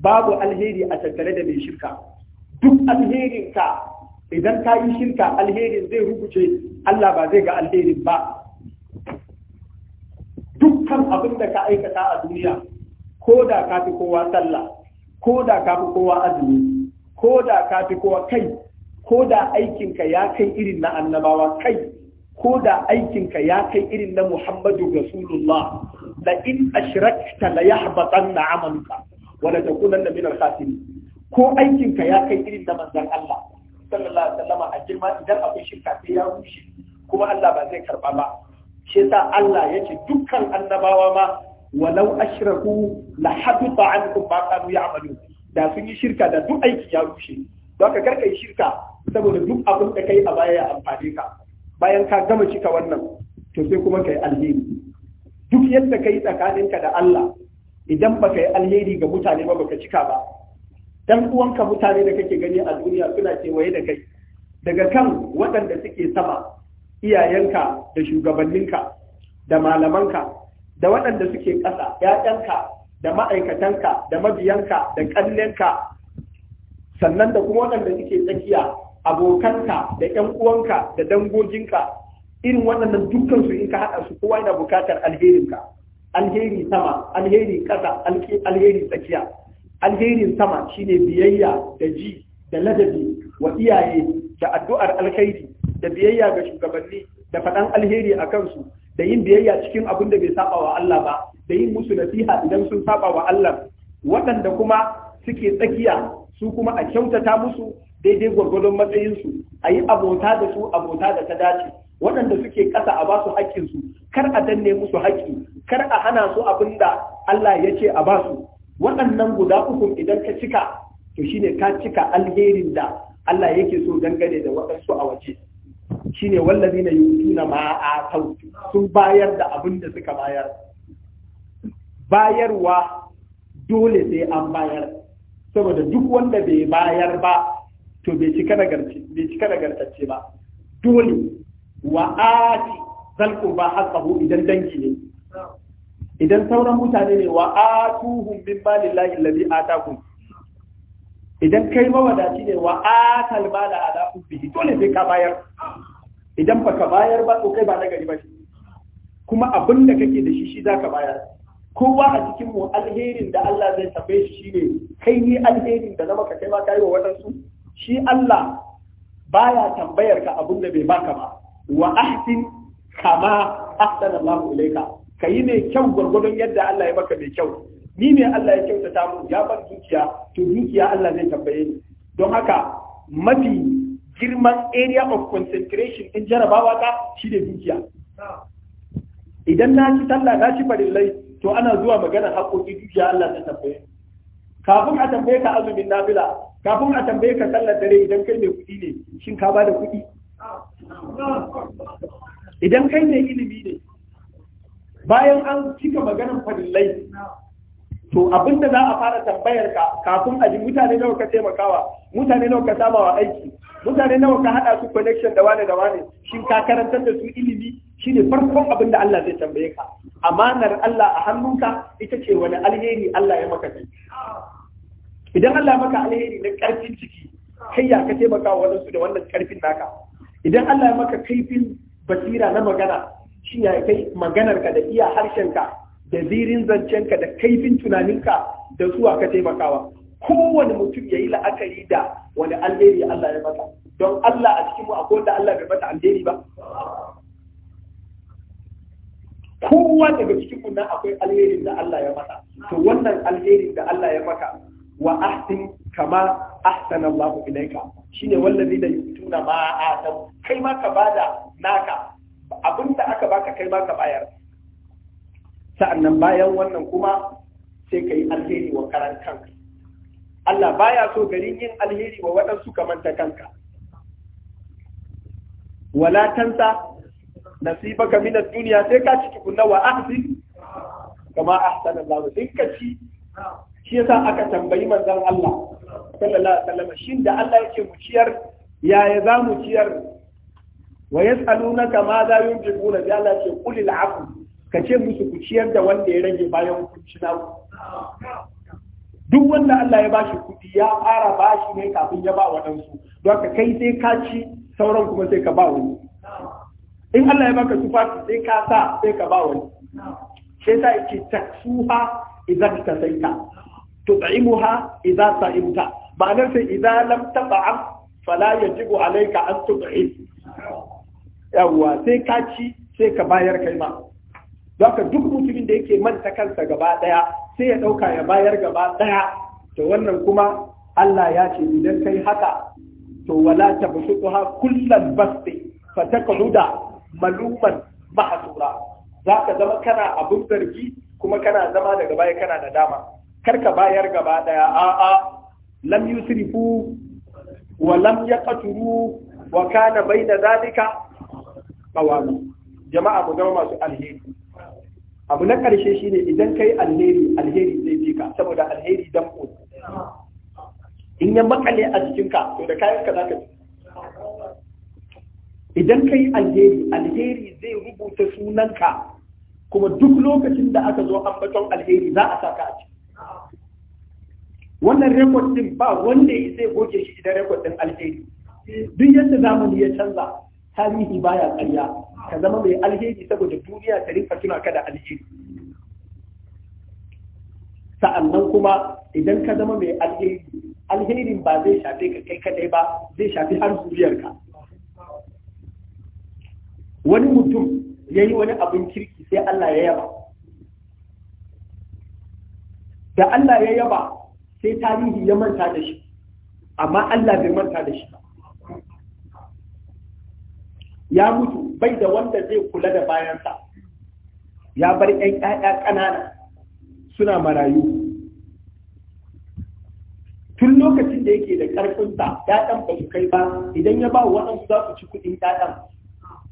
[SPEAKER 1] babu alheri a tattare da mai shirka duk alherin ka idan ka yi shirka alherin zai rubuce Allah ba zai ga alherin ba dukkan abin da ka aikata a duniya ko da ka fi kowa sallah ko da ka fi kowa azumi ko da ka fi kowa kai ko da aikinka ya kai irin na annabawa kai ko da aikinka ya kai irin na Muhammadu Rasulullah la in ashrakta la yahbatanna amaluka wa la takunanna min al-khasirin ko aikinka ya kai irin na manzon Allah sallallahu alaihi wasallam a girma idan akwai shirka sai ya rushe kuma Allah ba zai karba ba shi yasa Allah yace dukkan annabawa ma walau ashraku la habita ankum ma kanu ya'malun da sun yi shirka da duk aiki ya rushe don ka karka yi shirka saboda duk abin da kai a baya ya amfane ka bayan ka gama cika wannan to sai kuma kai alheri duk yadda kai tsakaninka da Allah idan baka yi alheri ga mutane ba baka cika ba dan uwanka mutane da kake gani a duniya suna kewaye da kai daga kan waɗanda suke sama iyayenka da shugabanninka da malamanka da waɗanda suke ƙasa ‘ya'yanka da ma'aikatanka da mabiyanka da ƙannenka sannan da kuma waɗanda suke tsakiya abokanka da ƴan uwanka da dangoginka irin waɗannan dukkan su in ka haɗa su kowa yana buƙatar ka alheri sama alheri ƙasa alheri tsakiya alherin sama shine biyayya da ji da ladabi wa iyaye da addu'ar alkhairi da biyayya ga shugabanni da faɗan alheri a kansu da yin biyayya cikin abin da bai saba wa Allah ba da yin musu nasiha idan sun saɓa wa Allah waɗanda kuma suke tsakiya su kuma a kyautata musu daidai gwargwadon matsayinsu a yi abota da su abota da ta dace waɗanda suke ƙasa a basu haƙƙinsu kar a danne musu haƙƙi kar a hana su abin da Allah ya ce a basu waɗannan guda uku idan ka cika to shine ka cika alherin da Allah yake so dangane da waɗansu a waje shine wallazi na yutuna ma a sun bayar da abin da suka bayar bayarwa dole sai an bayar saboda duk wanda bai bayar ba to bai cika nagartacce ba dole wa ati zal qurba haqqahu idan dangi ne idan sauran mutane ne wa atuhum min malillahi allazi ataku idan kai mawadaci ne wa atal mala ala ubbihi dole sai ka bayar idan baka bayar ba to kai ba nagari ba shi kuma abin da kake da shi shi zaka bayar kowa a cikin mu alherin da Allah zai tabe shi shine kai ne alherin da na ka kai ma kai wa wadansu shi Allah baya tambayar ka abin da bai baka ba wa ahsin kama ahsana Allah ilaika yi mai kyau gwargwadon yadda Allah ya maka mai kyau ni ne Allah ya kyautata mu ya bar dukiya to dukiya Allah zai tambaye ni don haka mafi girman area of concentration in jarabawa ta shi ne dukiya idan na ci talla na ci farillai to ana zuwa magana haƙoƙi dukiya Allah ta tambaye ni kafin a tambaye ka azumin nafila kafin a tambaye ka sallar dare idan kai mai kuɗi ne shin ka ba da kuɗi idan kai mai ilimi ne bayan an cika maganan fadillai to abinda za a fara tambayar ka kafin a ji mutane nawa ka taimakawa mutane nawa ka samawa aiki mutane nawa ka hada su connection da wane da wane shin ka karantar da su ilimi ne farkon abin da Allah zai tambaye ka amanar Allah a hannunka ita ce wani alheri Allah ya maka ne idan Allah ya maka alheri na karfin ciki kai ya ka taimaka wa wadansu da wannan karfin naka idan Allah ya maka kaifin basira na magana shi ya kai maganarka da iya harshenka da zirin zancenka da kaifin tunaninka da zuwa ka taimakawa kowane mutum ya yi la'akari da wani alheri Allah ya maka, don Allah a cikin mu akwai wanda Allah bai mata alheri ba kowa daga cikin kunna akwai alherin da Allah ya maka to wannan alherin da Allah ya maka wa ahsin kama ahsana Allah ilaika shine wallazi da yutuna ma atam kai ma ka bada naka abinda aka baka kai ma ka bayar sa'annan bayan wannan kuma sai kai alheri wa karan kanka Allah baya so garin yin alheri wa waɗansu ta kanka wala tansa nasibaka min ad-dunya sai ka ci tukunna wa ahsin kama ahsana Allah din ka ci shi yasa aka tambayi manzon Allah sallallahu alaihi wasallam shin da Allah yake mu ciyar yaya za mu ciyar wa yas'alunaka ma za yunfiquna sai Allah ce qulil afu ka ce musu ku ciyar da wanda ya rage bayan kun ci duk wanda Allah ya bashi kudi ya fara bashi ne kafin ya ba waɗansu don ka kai sai ka ci sauran kuma sai ka ba wani in Allah ya baka tufafi sai ka sa sai ka ba wani sai sa yake taksuha idan ta saita tud'imuha idan sa'imta ma'anar sai idan lam tat'am fala yajibu alayka an tud'im Yawa sai ka ci sai ka bayar kai ma Zaka duk mutumin da yake manta kansa gaba daya sai ya dauka ya bayar gaba daya to wannan kuma Allah ya ce idan kai haka to wala tabsutuha kullal basti fataqluda maluman mahasura za ka zama kana abin zargi kuma kana zama daga baya kana da dama kar ka bayar gaba daya a a lam yusrifu wa lam yaqturu wa kana baina zalika qawama jama'a mu zama masu alheri abu na karshe shine idan kai alheri alheri zai bi ka saboda alheri dan in ya makale a jikinka to da kayan ka zaka idan kai alheri alheri zai rubuta sunanka kuma duk lokacin da aka zo ambaton alheri za a saka a ciki wannan rekod din ba wanda ya zai goge shi idan rekod din alheri duk yadda zamani ya canza tarihi baya tsariya. ka zama mai alheri saboda duniya ta rinka tuna ka da alheri sa'annan kuma idan ka zama mai alheri alherin ba zai shafe ka kai kadai ba zai shafi har zuriyarka wani mutum ya yi wani abin kirki sai Allah ya yaba da Allah ya yaba sai tarihi ya manta da shi amma Allah bai manta da shi ba ya mutu bai da wanda zai kula da bayansa ya bar 'yan 'ya'ya ƙanana suna marayu tun lokacin da yake da ƙarfinsa 'ya'yan ba su kai ba idan ya ba waɗansu za su ci kuɗin 'ya'yan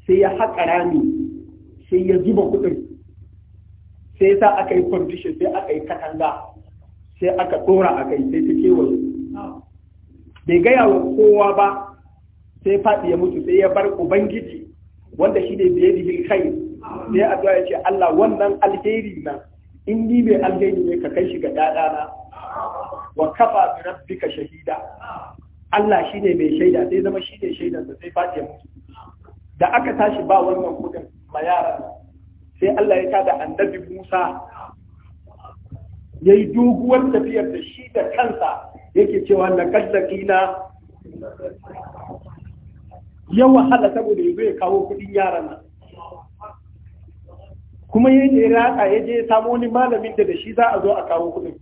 [SPEAKER 1] sai ya haƙa rami sai ya zuba kuɗin sai sa aka yi kwamfishin sai aka yi katanga sai aka tsora, a kai sai ta kewaye bai gaya wa kowa ba sai faɗi ya mutu sai ya bar ubangiji wanda shi ne biye da kai sai zuwa ya ce Allah wannan alheri na in ni mai alheri ne ka kai shi ga ɗaɗana wa kafa bi rabbika shahida Allah shine mai shaida sai zama shine shaidansa sai faɗi ya mutu da aka tashi ba wannan kudin ma yaran sai Allah ya tada annabi Musa yayi yi doguwar tafiyar da shi da kansa yake cewa na kallakina ya wahala saboda ya ya kawo kudin yaran nan kuma ya je raka ya je samo wani malamin da da shi za a zo a kawo kudin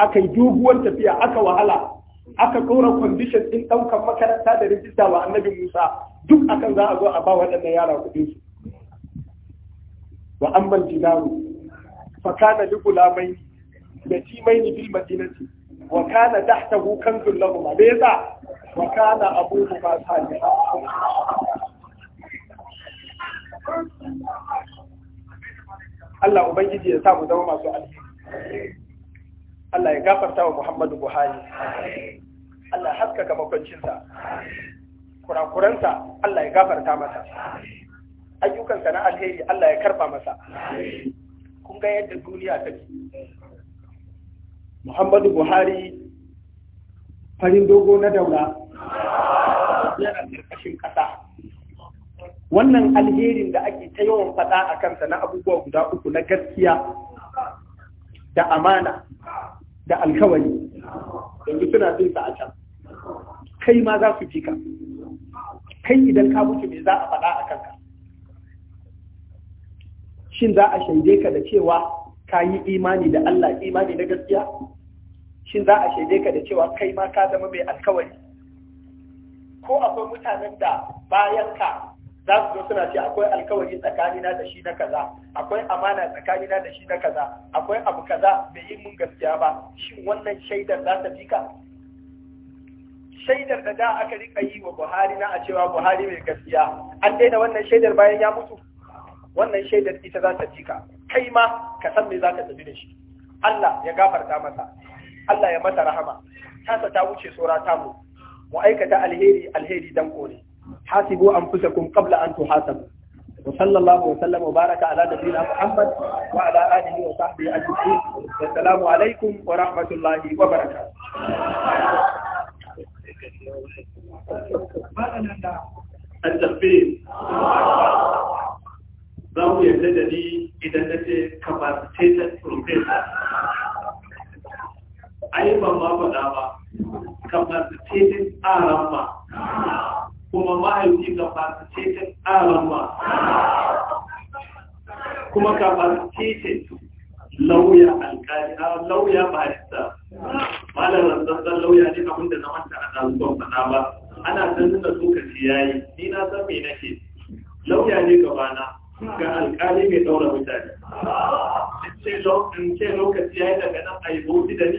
[SPEAKER 1] aka yi doguwar tafiya aka wahala aka ɗora kwandishin ɗin ɗaukar makaranta da rijista wa annabi Musa duk akan za a zo a ba waɗannan yara kuɗin su. Wa ban jinaru, fa kana li gulamai da ni bil madinati wa kana tahtahu kanzun lahum me yasa wa kana abuhuma salihan Allah ubangiji ya sa mu zama masu alheri Allah ya gafarta wa Muhammadu Buhari Allah haskaka makwancinsa kurakuransa Allah ya gafarta masa ayyukansa na alheri Allah ya karfa masa kun ga yadda duniya ta ce, Muhammadu Buhari farin dogo na daula yana karkashin ƙasa wannan alherin da ake ta yawan faɗa a kansa na abubuwa guda uku na gaskiya da amana da alkawari yanzu suna bin a can kai ma za su fi ka kai idan ka mutu me za a faɗa a kanka shin za a shaide ka da cewa ka yi imani da Allah imani na gaskiya shin za a shaide ka da cewa kai ma ka zama mai alkawari ko akwai mutanen da bayan ka za su zo suna ce akwai alkawari tsakanina da shi na kaza akwai amana tsakanina da shi na kaza akwai abu kaza bai yi mun gaskiya ba shin wannan shaidar za ta fi ka shaidar da da aka rika yi wa Buhari na a cewa Buhari mai gaskiya an daina wannan shaidar bayan ya mutu wannan shaidar ita za ta cika kai ma ka san me za ka tafi da shi Allah ya gafarta masa Allah ya masa rahama tasa ta wuce tsora ta mu mu aikata alheri alheri dan kore hasibu anfusakum qabla an tuhasabu wa sallallahu wa sallam wa baraka ala nabiyyina Muhammad wa ala alihi wa sahbihi ajma'in assalamu alaikum wa rahmatullahi wa barakatuh التخفيف باو يتدني إذا نتي كباسيتا بروفيسا أي ما فداما كباسيتا آراما كما ما يجي كباسيتا آراما كما كباسيتا لويا الكاري لويا باريسا ما لنا نزل لويا نفع عندنا وانتا faɗa ban faɗa ba ana ta nuna suka ce yi ni na san me nake lauya ne gabana ga alƙali mai ɗaura mutane in ce lokaci ya yi daga nan a yi bauti da ni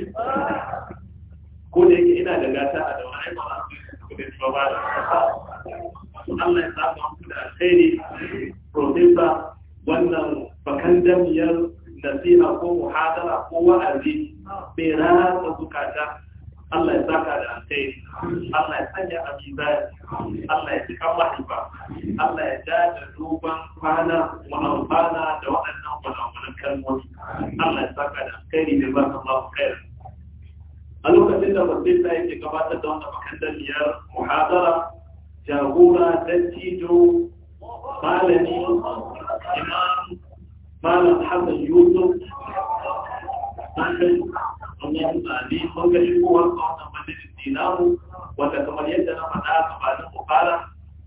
[SPEAKER 1] ko da yake ina da gata a da wani ba da ba ba da Allah ya saba ku da alkhairi profesa wannan bakan damiyar nasiha ko muhadara ko wa'azi bai rana ta zukata Allah ya saka da alkhairi Allah ya sanya a mizani Allah ya cika mahaifa Allah ya ja da duban kwana wa amfana da waɗannan kwanakwanan kalmomi Allah ya saka da alkhairi da ba ka ba khair a lokacin da basita yake gabatar da wannan makandamiyar muhadara jagora dattijo
[SPEAKER 2] malami imam
[SPEAKER 3] malam hassan
[SPEAKER 2] yusuf domin Allah ne mun ga shigowar ka wannan majalisi namu
[SPEAKER 1] wanda kamar yadda na faɗa gabanin mu fara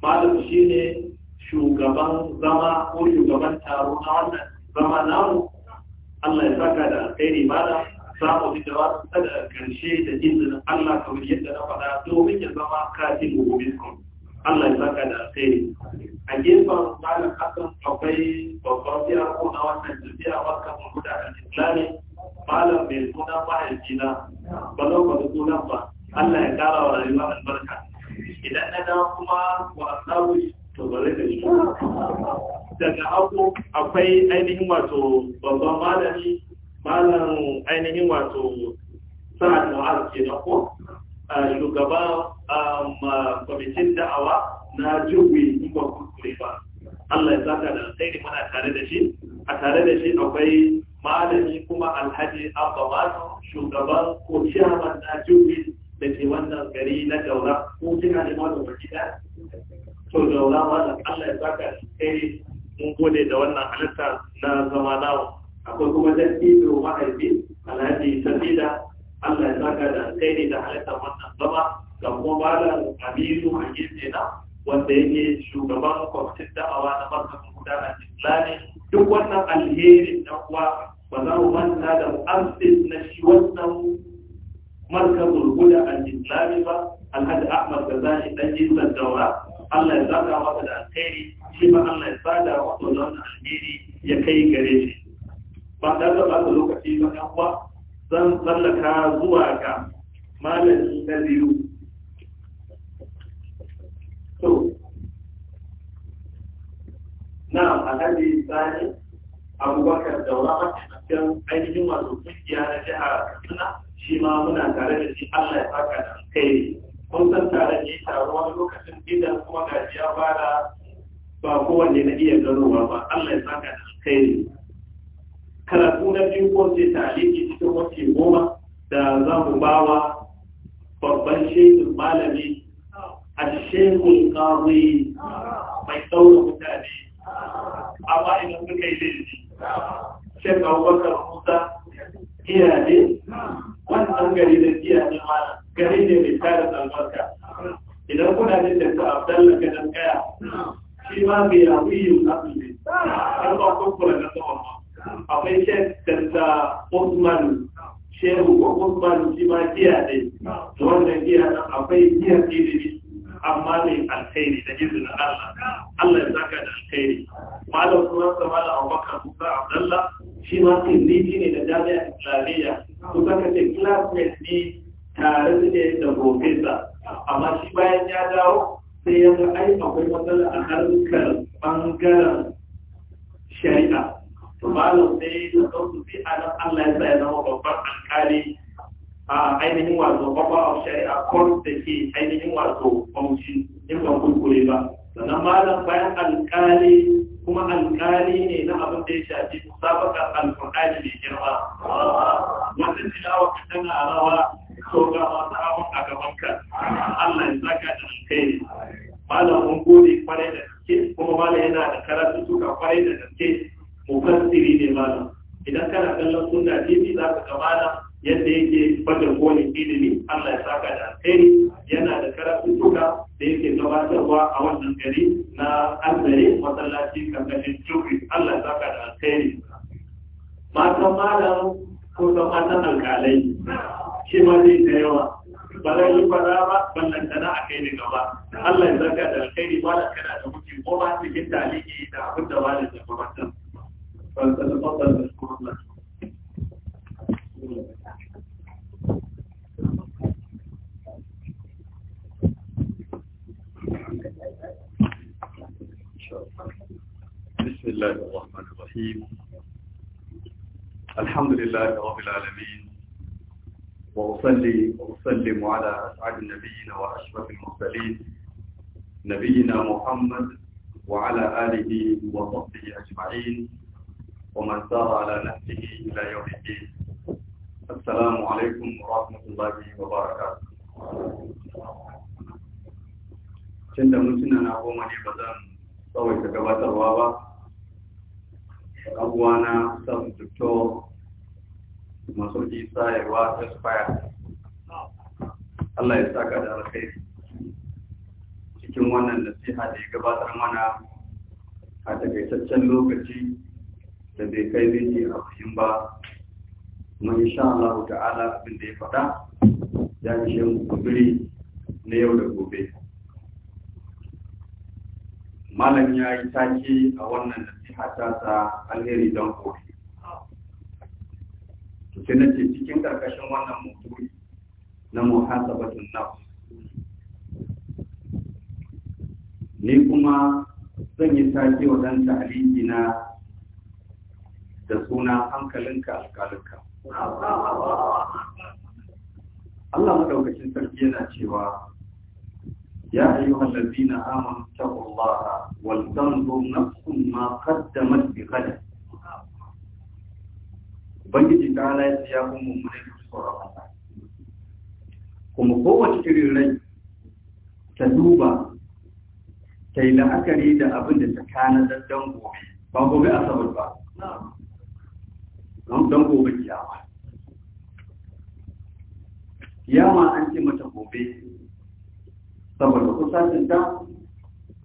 [SPEAKER 1] malamu shine shugaban zama ko shugaban taro na wannan zama namu Allah ya saka da alkhairi malam samu da wasu da karshe da izinin Allah kamar yadda na faɗa domin ya zama kafin gobinkun Allah ya saka da alkhairi a gefen malam hakan akwai babban biya ko na wannan tafiya wakkan mu da al-islami
[SPEAKER 2] malam mai sunan mahaifina ba zan faɗi sunan ba Allah ya ƙara wa rayuwa
[SPEAKER 1] albarka idan na dawo kuma wa asabu to ba zai da shi daga abu akwai ainihin wato babban malami malam ainihin wato sa'ad mu'az ke na ko shugaba um, kwamitin da'awa na jirgin ikon kuskure ba Allah ya saka da alkhairi muna tare da shi a tare da shi akwai malami kuma alhaji abba masu shugaban ko ciyaman na jubi da ke wannan gari na daura ko kina da mazo baki da to daura wannan Allah ya saka da alkhairi mun gode da wannan halitta na zama nawa akwai kuma da ibro mahaifi alhaji sabida Allah ya saka da alkhairi da halitta wannan zama ga kuma malam Aminu Hajji na wanda yake shugaban kwamitin da'awa na mazhabin a islami duk wannan alherin na kuwa ba za mu manta da mu'assis na shi wannan markazul guda a islami ba alhaji ahmad gazali dan jinsan daura allah ya zaka masa da alheri shi ma allah
[SPEAKER 2] ya sada wato wannan alheri ya kai gare shi ba ta ba da lokaci ba yan uwa zan tsallaka zuwa ga malami na biyu na'am alhaji sani abubakar daura mataimakin ainihin wato kungiya na jihar katsina shi ma muna tare da shi allah ya saka da kai kun san
[SPEAKER 1] tare da taro wani lokacin idan kuma gaji ya fara ba kowanne na iya ganowa ba allah ya saka da kai karatu na biyu ko ce taliki cikin wace goma da za mu bawa babban shehin malami a shehun ƙawi mai ɗaura mutane
[SPEAKER 2] amma idan suka yi laifi shan abubakar musa
[SPEAKER 1] iya iyaye wannan gari da iyaye ma gari ne mai tara albarka idan kuna jin da ta abdalla ka dan kaya shi ma bai yawo yi ne, har ba kun kula da tsawon akwai shek da Usman shehu ko Usman shi ma iyaye wannan iyaye akwai iyaye ne amma ne alkhairi da izinin Allah Allah ya saka da alkhairi malam kuma sa malam Abubakar Musa Abdullah shi ma tiliti ne da jami'a Islamiyya ko saka ce classmate ne tare da da professor amma shi bayan ya dawo sai ya ga ai akwai matsala a harkar bangaren shari'a malam sai da sautu sai Allah ya sa ya zama babban alkali a ainihin wato kwakwa a shari'a court da ke ainihin wato kwamci in ba kurkure ba sannan malam bayan alkali kuma alkali ne na abin da ya shafi musabakar alkur'ani mai girma wannan tilawa tana a rawa so ga wata abin a gaban ka. allah ya saka da ne. malam mun gode kwarai da gaske kuma malam yana da karatu suka kwarai da gaske mufassiri ne malam idan kana kallon sunna tv za ka ga malam yadda yake fadar kone ilimi Allah ya saka da alheri yana da karatuttuka da yake gabatarwa a wannan gari na azare masallaci kankanin jufi Allah ya saka da alheri matan malam
[SPEAKER 2] ko da matan alkalai shi ma zai da yawa
[SPEAKER 1] ba zai yi fara ba tana a kai ne gaba Allah ya saka da alheri malam kana da mutum ba cikin taliki
[SPEAKER 2] da abin da ba malam ya gabatar. Fasalin fasalin kuma Allah. الله الرحمن الرحيم الحمد لله رب العالمين وأصلي وأسلم على أسعد النبيين وأشرف المرسلين نبينا محمد وعلى آله وصحبه أجمعين ومن سار على نهجه إلى يوم الدين السلام عليكم ورحمة الله وبركاته tunda mutuna na goma ne ba zan tsawaita gabatarwa ba abuwana sun tuto masu isa ta spire Allah ya saka da alkhairi cikin wannan nasiha da ya gabatar mana a takaitaccen lokaci da bai kai a fahim ba kuma sha Allah ta'ala abin da ya faɗa ya ishe mu na yau da gobe malam ya yi take a wannan nasiha ta sa alheri don kofi
[SPEAKER 1] to sai na ce cikin karkashin wannan mutuli na muhasabatun nafs ni kuma zan yi take wa dan na da suna hankalinka alƙalinka
[SPEAKER 2] Allah madaukakin sarki yana cewa يا أيها الذين آمنوا اتقوا الله ولتنظر نفس
[SPEAKER 1] ما قدمت بغد Ubangiji ta ala ya ya kuma mummune da tsoron Allah. Kuma kowace irin rai ta duba ta yi la'akari da abin da ta kana
[SPEAKER 2] don gobe, ba gobe asabar ba, don gobe
[SPEAKER 1] Ya ma an ce mata gobe saboda kusancinta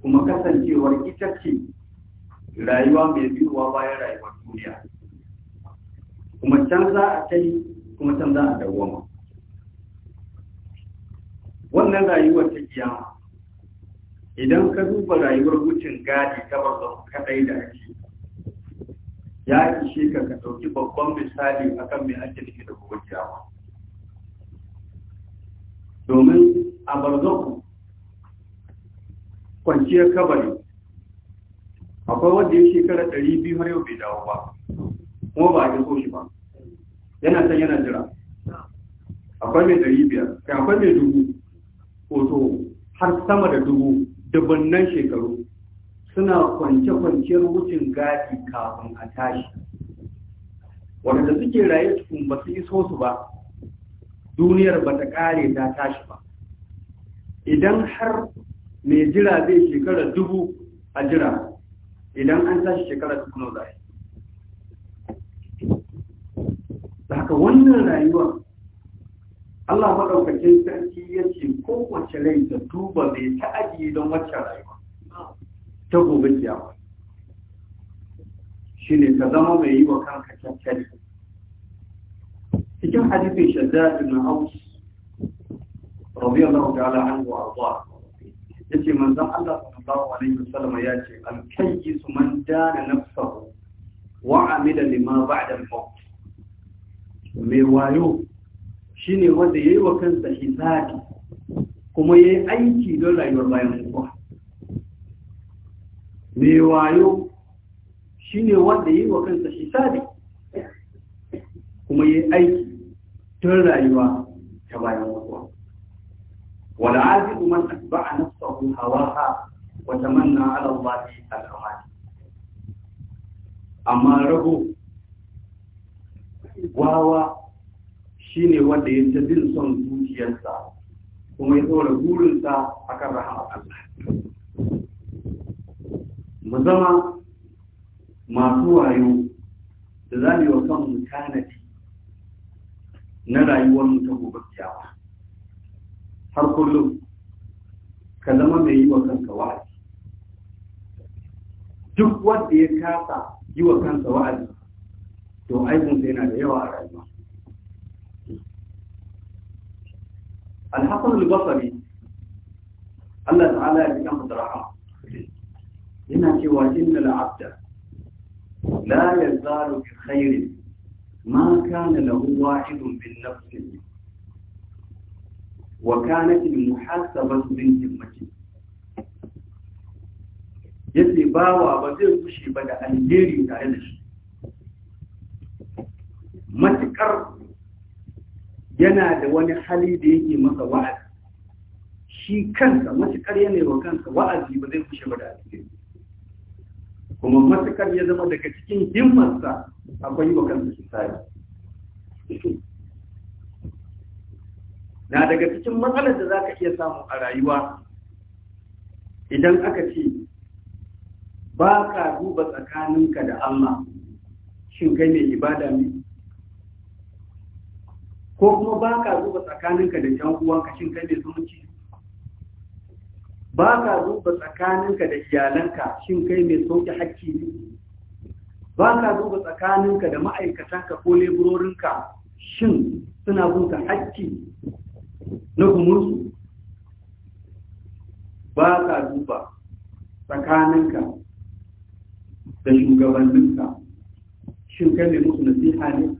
[SPEAKER 1] kuma kasancewar ita ce rayuwa mai biyuwa bayan rayuwar duniya kuma can za a kai kuma can za a dawoma wannan rayuwar ta kiyama idan ka duba rayuwar wucin gadi ta barza kadai da ake ya ishe ka ka ɗauki babban misali akan mai ake nufi da gobe kiyama domin a barzaku kwanciyar kabari akwai wanda ya shekara ɗari biyu har yau bai dawo ba kuma ba a girko shi ba yana san yana jira akwai mai ɗari biyar kai akwai mai dubu hoto har sama da dubu dubannan shekaru suna kwance-kwanciyar wucin gadi kafin a tashi wanda suke raye cikin ba su iso su ba duniyar ba ta kare ta tashi ba idan har mai jira zai shekara dubu a jira idan an tashi shekara dubu na zai da haka wannan rayuwa Allah maɗaukacin sarki ya ce kowace rai da duba mai ta don wacce rayuwa ta gobe kiyawa shi ne ka zama mai yi wa kanka kyakkyari. cikin hadifin shaddad na Hausa, rabi Allah ta'ala an a yace manzon Allah sallallahu alaihi wasallam ya ce al-kayyisu man dana nafsahu wa amila lima ba'da al-maut mai wayo shine wanda yayi wa kansa hisabi kuma yayi aiki don rayuwar bayan mutuwa mai wayo shine wanda yayi wa kansa hisabi kuma yayi aiki don rayuwa ta bayan mutuwa والعازب من أتبع نفسه هواها وتمنى على الله الأمان أما ربو wawa shine wanda ya ta bin son zuciyarsa kuma ya tsora burinsa a kan rahama Allah. Mu zama masu wayo da za mu yi na rayuwar tanadi na ta gobe kyawa. har kullum ka zama mai yi wa kanka wa'azi duk wanda ya kasa yi wa kansa wa'azi to aikinsa yana da yawa a rayuwa alhassan al-basari Allah ta'ala ya cikin rahama yana cewa innal abda la yazalu bi khairin ما كان له واحد من نفسه wa kanat al-muhasabatu bin himmati yace bawa ba zai kushe ba da alheri tare da shi matukar yana da wani hali da yake masa wa'azi shi kansa matukar yana wa kansa wa'azi ba zai kushe ba da alheri kuma matukar ya zama daga cikin himmarsa akwai wa kansa hisabi na daga cikin matsalar da za ka iya samu a rayuwa idan aka ce ba ka duba tsakaninka da Allah shin kai mai ibada ne ko kuma ba ka duba tsakaninka da yan uwanka shin kai mai zumunci ba ka duba tsakaninka da iyalanka shin kai mai soke hakki ne ba ka duba tsakaninka da ma'aikatanka ko leburorinka shin suna bunka hakki na kumursu ba ka duba tsakaninka da shugabanninka shin kai mai musu nasiha ne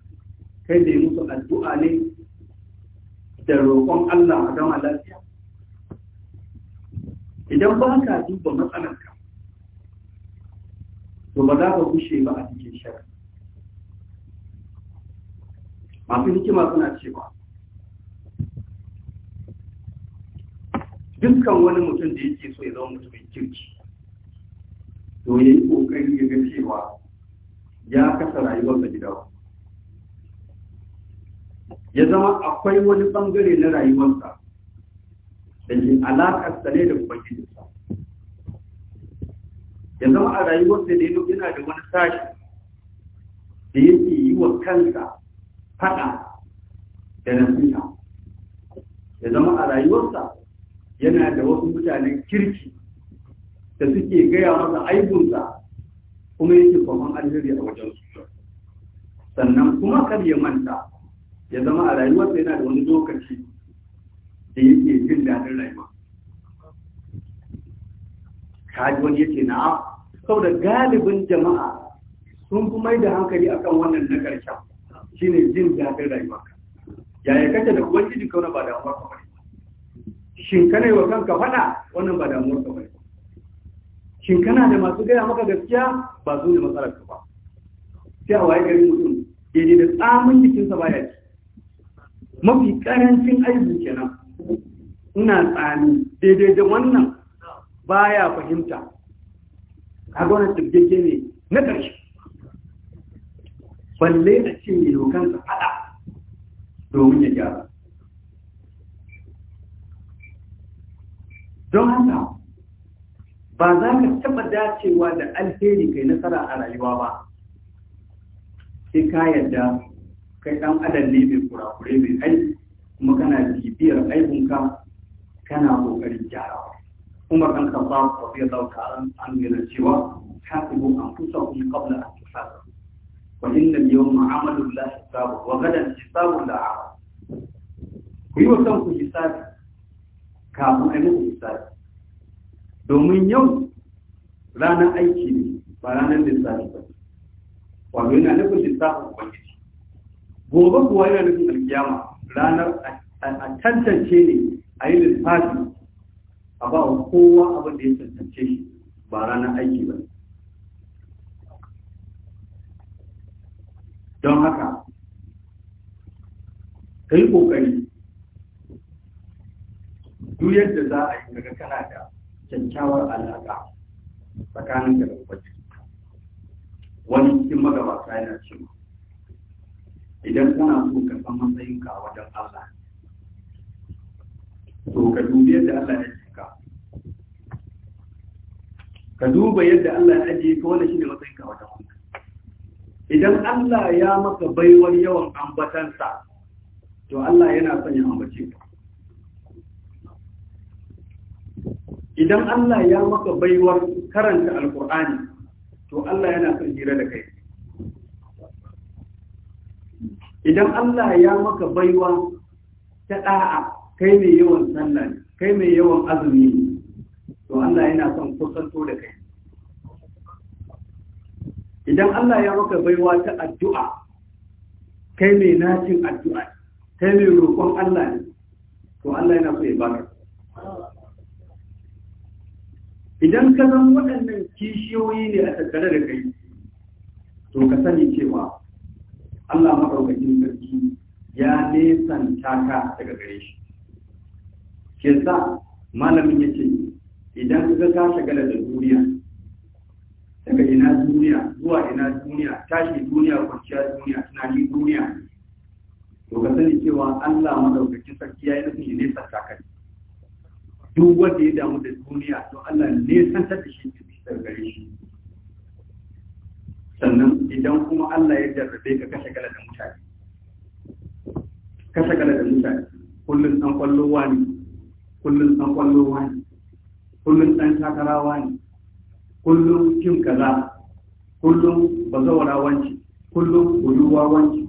[SPEAKER 1] kai mai musu addu'a ne da roƙon Allah a gama lafiya idan ba ka duba matsalarka to ba za ka gushe ba a cikin shari'a masu hikima suna cewa dukkan wani mutum da yake so ya zama mutumin kirki to ya yi kokari ya ga cewa ya kasa rayuwarsa gida ya zama akwai wani bangare na rayuwarsa da ke alaƙar sa da da ubangijinsa ya zama a rayuwarsa ne yana da wani sashi da yake yi wa kansa faɗa da nasiha ya zama a rayuwarsa yana da wasu mutanen kirki da suke gaya masa aibunsa kuma yake kwaman alheri a wajen su sannan kuma kar ya manta ya zama a rayuwarsa yana da wani lokaci da yake jin daɗin rayuwa kaji wani yake na ah, saboda galibin jama'a sun fi mai da hankali akan wannan na ƙarshen shine jin daɗin rayuwa yaya kake da kuma ubangiji kauna ba da amma shin ka ne wa kanka fada wannan ba damuwar ka bane shin kana da masu gaya maka gaskiya ba su ne matsalar ka ba sai a waye gari mutum daidai da tsamin jikinsa baya ci mafi karancin aibu kenan ina tsami daidai da wannan baya fahimta a gona tsirgege ne na ƙarshe balle a ce mai kansa fada domin ya gyara don haka ba za ka taba dacewa da alheri kai nasara a rayuwa ba sai ka yarda kai dan adam ne mai kurakure mai aiki kuma kana bibiyar aibinka kana kokarin gyarawa umar dan khattab radiyallahu dauka an gina cewa kasibu anfusakum qabla an tusabu wa inna yawma 'amalu la hisabu wa gadan hisabu la ku yi wa kanku hisabi kafin a musu lissafi domin yau ranar aiki ne ba ranar lissafi ba wato yana nufin lissafin ubangiji gobe kuwa yana nufin alkiyama ranar a tantance ne a yi lissafi a ba wa kowa abin da ya tantance shi ba ranar aiki ba don haka
[SPEAKER 2] ka yi ƙoƙari duk yadda za a yi daga kana da kyakkyawar alaƙa tsakanin da ubangiji wani cikin magabata yana cewa idan kana so ka
[SPEAKER 1] san matsayinka a wajen Allah to ka dubi yadda Allah ya ce ka ka duba yadda Allah ya ajiye ka wannan shine matsayinka a wajen Allah idan Allah ya maka baiwar yawan ambatansa to Allah yana son ya ambace ka idan Allah ya maka baiwar karanta alkur'ani to Allah yana son hira da kai idan Allah ya maka baiwa ta da'a kai mai yawan sallah kai mai yawan azumi to Allah yana son kusanto da kai idan Allah ya maka baiwa ta addu'a kai mai nacin addu'a kai mai roƙon Allah ne to Allah yana so ya baka idan ka zan waɗannan kishiyoyi ne a tattare da kai to ka sani cewa Allah maɗaukakin sarki ya nesanta ka daga gare shi ke sa malamin ya ce idan ka ka shagala da duniya daga ina duniya zuwa ina duniya tashi duniya kwanciya duniya tunani duniya to ka sani cewa Allah maɗaukakin sarki ya yi nufin ya nesanta ka duk wanda ya damu da duniya to Allah ne san ta da shi ne bisa gare shi sannan idan kuma Allah ya jarrabe ka kashe kala da mutane kashe kala da mutane kullum san kwallowa ne kullum san kwallowa ne kullum san takarawa ne kullum kin kaza kullum bazawara wanci kullum buruwa wanci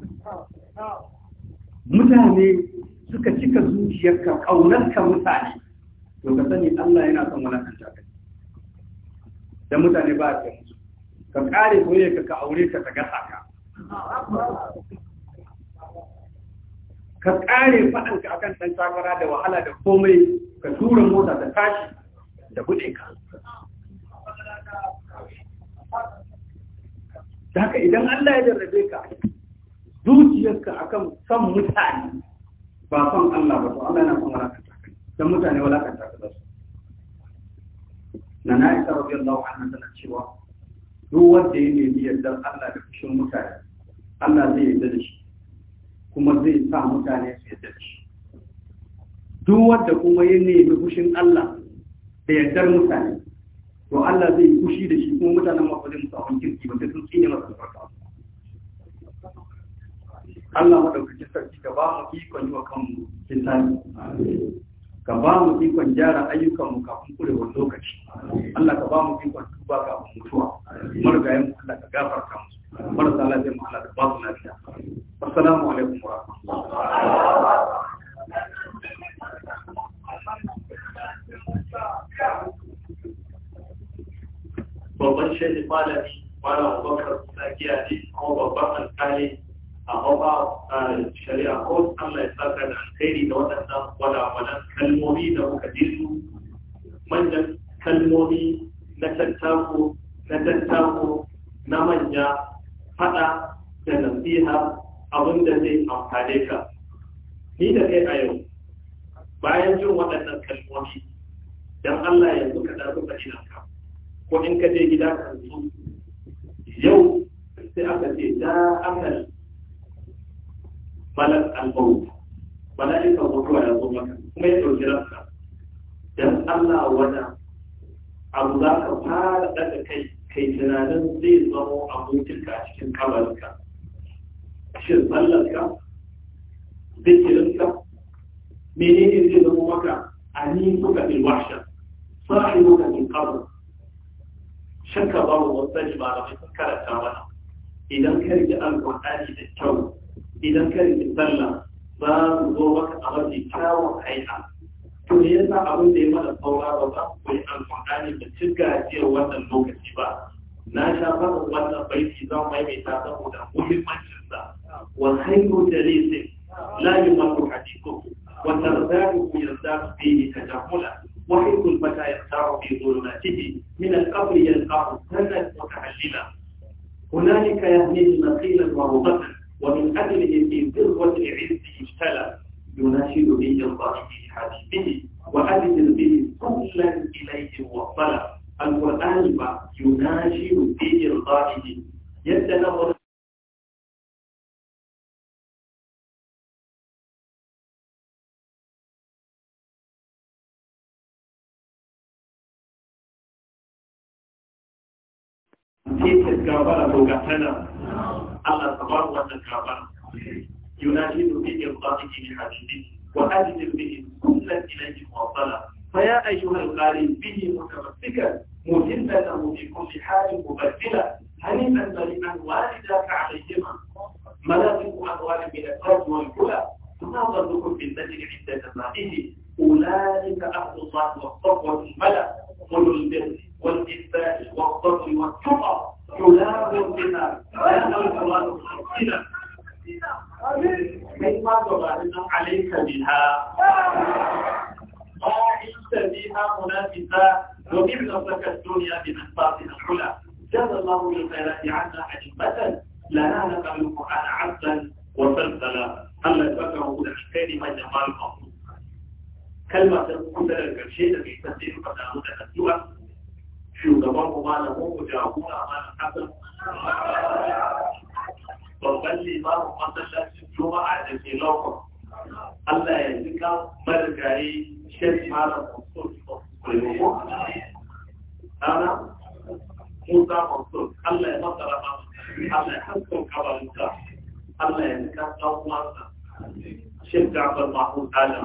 [SPEAKER 1] mutane suka cika zuciyarka ka mutane to ka sani Allah yana son wani walakanta ka Da mutane ba a ce musu ka kare soyayya ka ka aure ka ka gasa ka ka kare faɗanka akan ɗan takara da wahala da komai ka tura mota da tashi da buɗe ka da haka idan Allah ya jarrabe ka zuciyarka akan son mutane ba son Allah ba to Allah yana son wani walakanta dan mutane walakanta ka zasu na na isa radiyallahu anha tana cewa duk wanda ya nemi yardar Allah da kushin mutane Allah zai yarda da shi kuma zai sa mutane su yarda da shi duk wanda kuma ya nemi kushin Allah da yardar mutane to Allah zai fushi da shi kuma mutanen ma ba zai musu abin kirki ba sai sun tsine masa albarka Allah madaukakin sarki ka ba mu ikon yi wa kanmu cin ka ba mu ikon gyara ayyukanmu kafin wani lokaci Allah ka ba mu ikon tuba kafin mutuwa marigayen Allah ka gafarta mu marasa lafiya mu Allah ka ba su lafiya assalamu alaikum wa
[SPEAKER 2] babban shehi malami malam abubakar sakiya ne kuma babban alkali a hauwa shari'a ko Allah ya saka da alkhairi da waɗannan wadawadan kalmomi da muka ji su
[SPEAKER 1] manyan kalmomi na tattako na tattako na manya fada da nasiha abin da zai amfane ka ni da kai a yau bayan jin waɗannan kalmomi don Allah ya yanzu ka ɗarfi ka ko in ka je gida kan su yau sai aka ce da amal malar al-maut mala'ikan mutuwa ya zo maka kuma ya ɗauki ranka dan Allah wada abu za ka fara daga kai kai tunanin zai zamo abokinka a cikin kabarinka shin tsallarka zikirinka menene zai zama maka aminuka bil wahsha sahibuka bil qabr shakka babu wasu malamai sun karanta mana idan ka rike alƙur'ani da kyau إذا كان يتبنى بار ضوك أغلبي كاو حيحا تنيسا أبو ديما
[SPEAKER 2] الثورة رضا وي القرآن بتلك أجي وانا اللوك سيبا ناشا بار
[SPEAKER 1] وانا بيت إذا ما يميتا تقول أقول ما جلسا والخير لا يمر حديثه وترزاق يرزاق فيه تجمل وحيث المتى يختار في ظلماته من القبر يلقاه سنة متعللة هنالك يهني مثيلا ورغبا ومن أجله في ذروة العز ابتلى يناشد به الظالم حبيبه وأبدل به كلا إليه وصلا القرآن يناشد به
[SPEAKER 3] الضعيف يتنور تيتك كابرة لغتنا
[SPEAKER 2] على الضبار والنكابرة يناشد
[SPEAKER 1] به القائد لحبيبه وأجد به كل إليه موصلا فيا أيها القارئ به متمسكا مجلته في كل حال مبدلا هنيئا مريئا والداك عليهما ملائكة أنوار من الفرد والكلى تناظركم في النجر عند جزائه أولئك أهل الله والصفوة الملا قل البر والإثبات والصبر والشقى يلام بنا هذا القرآن حقنا مما تغنى عليك بها وعشت عشت بها منافسة ومن نفسك الدنيا بمحطاتها الحلى جزا الله بالخيرات عنا أئمة لنا نقل القرآن عبدا وسلسلة Allah ya من mu da alkhairi mai da malama kalma ta kusa da karshe da shugaban ku malam ku jagora malam hasan babban limamin masallacin juma'a da ke
[SPEAKER 2] lokacin Allah ya zika marigayi shek malam Mansur Kulmoko. Ana Musa Mansur, Allah ya masa rama, Allah ya haskar kabarinsa,
[SPEAKER 1] Allah ya zika ɗan uwansa, shek Jafar Mahmud Adam.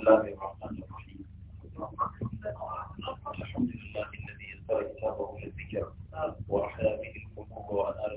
[SPEAKER 2] الله الرحمن الرحيم الحمد لله الذي يسر كتابه وأحيا به القلوب وأنار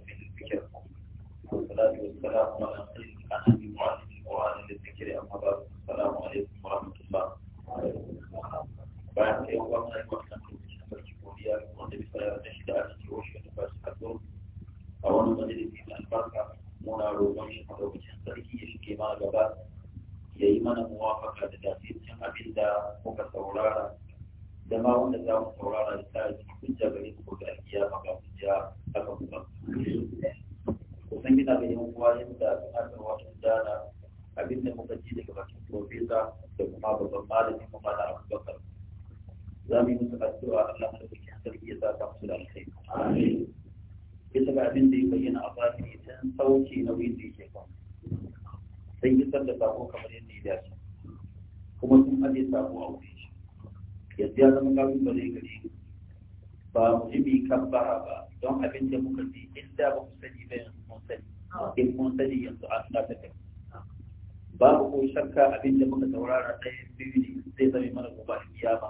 [SPEAKER 1] saurara ɗayan biyu ne zai zame mana gobe da kiyama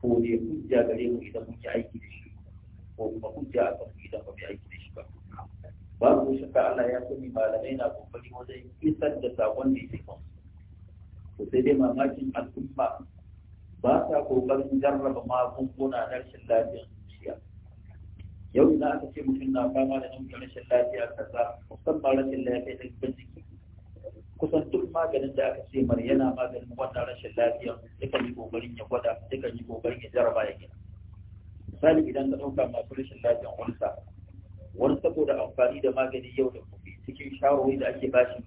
[SPEAKER 1] ko ne kujja gare mu idan mun yi aiki da shi ko kuma kujja a kan idan ba mu aiki da shi ba babu shakka Allah ya sani malamai na kokari wajen isar da saƙon da yake kan to sai dai mamakin al'umma ba sa ƙoƙarin jarraba magunguna na rashin lafiyar zuciya yau idan aka ce mutum na fama da nan rashin lafiya kaza musamman rashin lafiya da kusan duk maganin da aka ce mara yana maganin wannan rashin lafiya yakan yi kokarin ya gwada yakan yi kokarin ya jaraba ya gina misali idan ka ɗauka masu rashin lafiyan ulsa wani saboda amfani da magani yau da gobe cikin shawarwari da ake bashi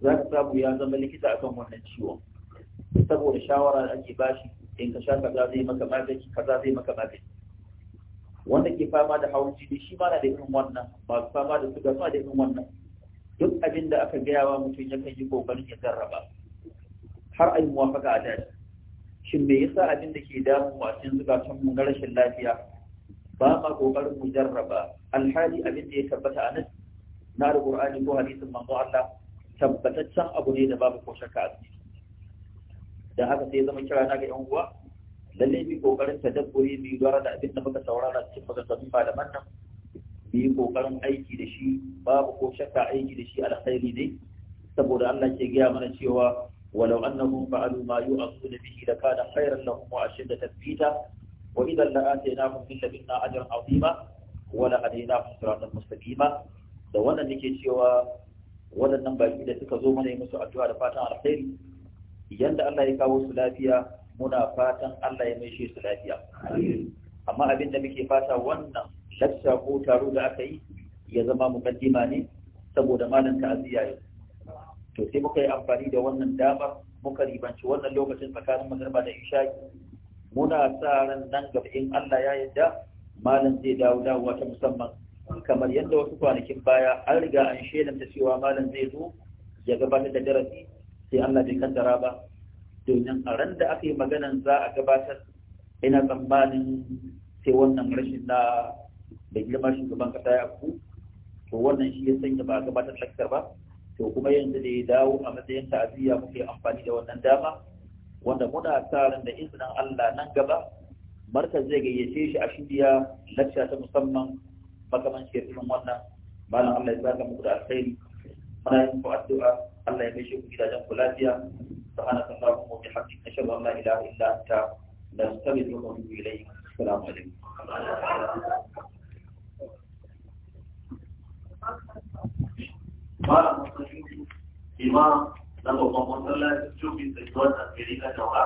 [SPEAKER 1] za ka samu ya zama likita akan wannan ciwon saboda shawara da ake bashi in ka sha kaza zai maka magani kaza zai maka magani wanda ke fama da hawan jini shi ma na da irin wannan masu fama da suga ma da irin wannan duk abin da aka gaya wa mutum ya kan yi kokarin ya jarraba har a yi muwafaka a dace shin me yasa abin da ke damu a zukatan mu na rashin lafiya ba ma kokarin mu jarraba alhali abin da ya tabbata a nan na ko hadisin manzo Allah tabbataccen abu ne da babu ko shakka a ciki da haka sai zama kira na ga yan uwa lalle mu kokarin tadabburi mu yi da abin da muka saurara cikin maganganun malaman nan mu yi kokarin aiki da shi babu ko shakka aiki da shi alkhairi ne saboda Allah ke gaya mana cewa walau annahum fa'alu ma yu'azuna bihi lakana khairan lahum wa ashadda tathbita wa idan la'atainahum min ladunna ajran 'azima wa la'adainahum siratan mustaqima da wannan nake cewa waɗannan baki da suka zo mana yi musu addu'a da fatan alkhairi yanda Allah ya kawo su lafiya muna fatan Allah ya maishe su lafiya amma abin da muke fata wannan lakta ko taro da aka yi ya zama mukaddima ne saboda malam ta'aziyya yau to sai muka yi amfani da wannan dama muka ribanci wannan lokacin tsakanin magarba da isha'i muna sa ran nan gaba in Allah ya yarda malam zai dawo dawowa ta musamman kamar yadda wasu kwanakin baya an riga an ta cewa malam zai zo ya gabatar da darasi sai Allah bai kaddara ba domin a ran da aka yi maganan za a gabatar ina tsammanin sai wannan rashin na da girma shugaban kasa ya afku to wannan shi ya sanya ba a gabatar lakcar ba to kuma yanzu da ya dawo a matsayin ta'aziyya muke amfani da wannan dama wanda muna sa da izinin Allah nan gaba markaz zai gayyace shi a shirya lakca ta musamman makamancin shirin wannan malam Allah ya saka muku da alkhairi muna yin ku addu'a Allah ya gaishe ku gidajen ku lafiya سبحانك اللهم وبحمدك نشهد ان لا اله الا انت نستغفرك
[SPEAKER 2] ونتوب اليك السلام عليكم mara matsayin imam na babban matsalaci cikin da ke wata gari na daura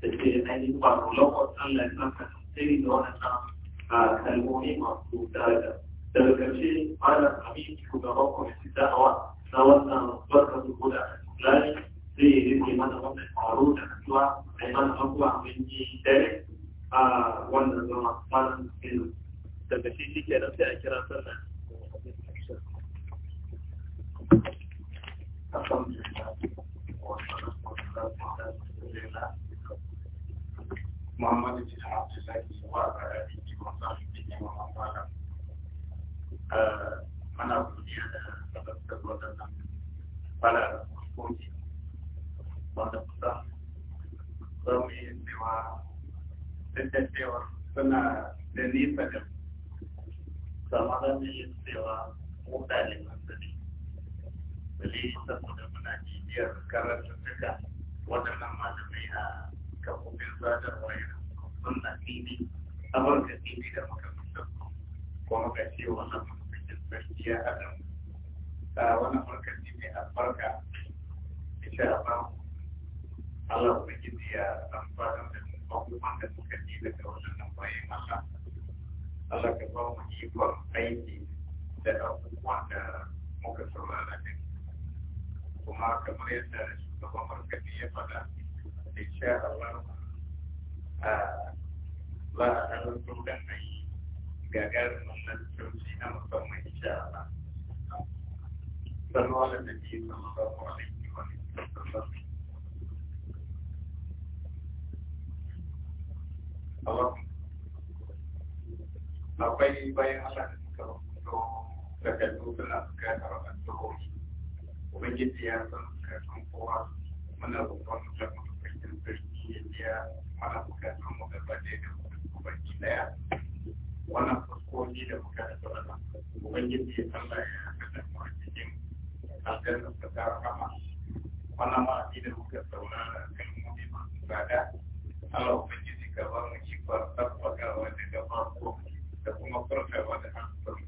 [SPEAKER 2] da ke ainihin ba rolon matsalaci na kasance da waɗannan kalmomi masu daraja daga ƙarshe malam amin shugaban kwamitin da'awa na wannan barka su guda a tulani zai yi rike mana wannan taro da kasuwa a yi mana abubuwa mun yi dare a wannan zama malam daga shi shi ke nan sai a kira sallah Muhammadu Jisun Abdullahi wa a Rikki Gonzalo da gaskar da cewa da nisa da cewa mu ɗaliban da dalili saboda muna cibiyar karatuttuka waɗannan malamai a kafofin da makamantar kuma a wannan markaci mai albarka insha Allah Allah ubangiji ya amfana da abubuwan da muka ba da abubuwan da muka saurara daga kuma kamar yadda shugaban markadi ya faɗa insha Allah za a karanto da a yi gagarin lantarki na musamman insha Allah. Sannu da ke sallallahu alaihi wa sallam. Akwai bayan Allah da suka rubuto da kallo suna suka rubuto ubangiji ya san bukatun kowa muna roƙon da mafakin sarki ya mana bukatun mu gaba da ya ubangiji daya wannan fuskoki da muka rasa ubangiji Allah ya haka da mu a cikin tsadar da ta rama wannan ma'aji da muka saurara kan mutum masu tsada Allah ubangiji ka ba mu shi ba tabbakawa daga farko da kuma farkawa da hankali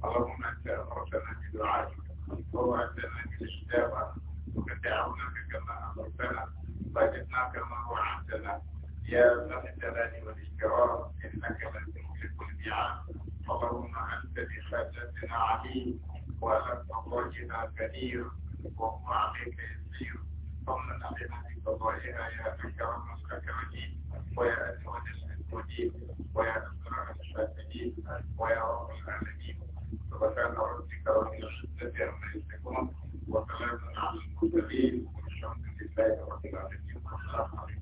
[SPEAKER 2] اللهم انت امرتنا بدعائك وفرعت لنا الاجابة وخدعوناك كما أمرتنا فجئناك ما وعدتنا يا ذا الجلال والإكرام إنك لن تخلف الميعاد اللهم أنت بحاجتنا عليم وأنت ضاجنا كثير وهو عليك يسير فمن علينا بقضائها يا أكرم الأكرمين ويا أزواج المجيد ويا أسرع الشافعين ويا رب العالمين Thank you.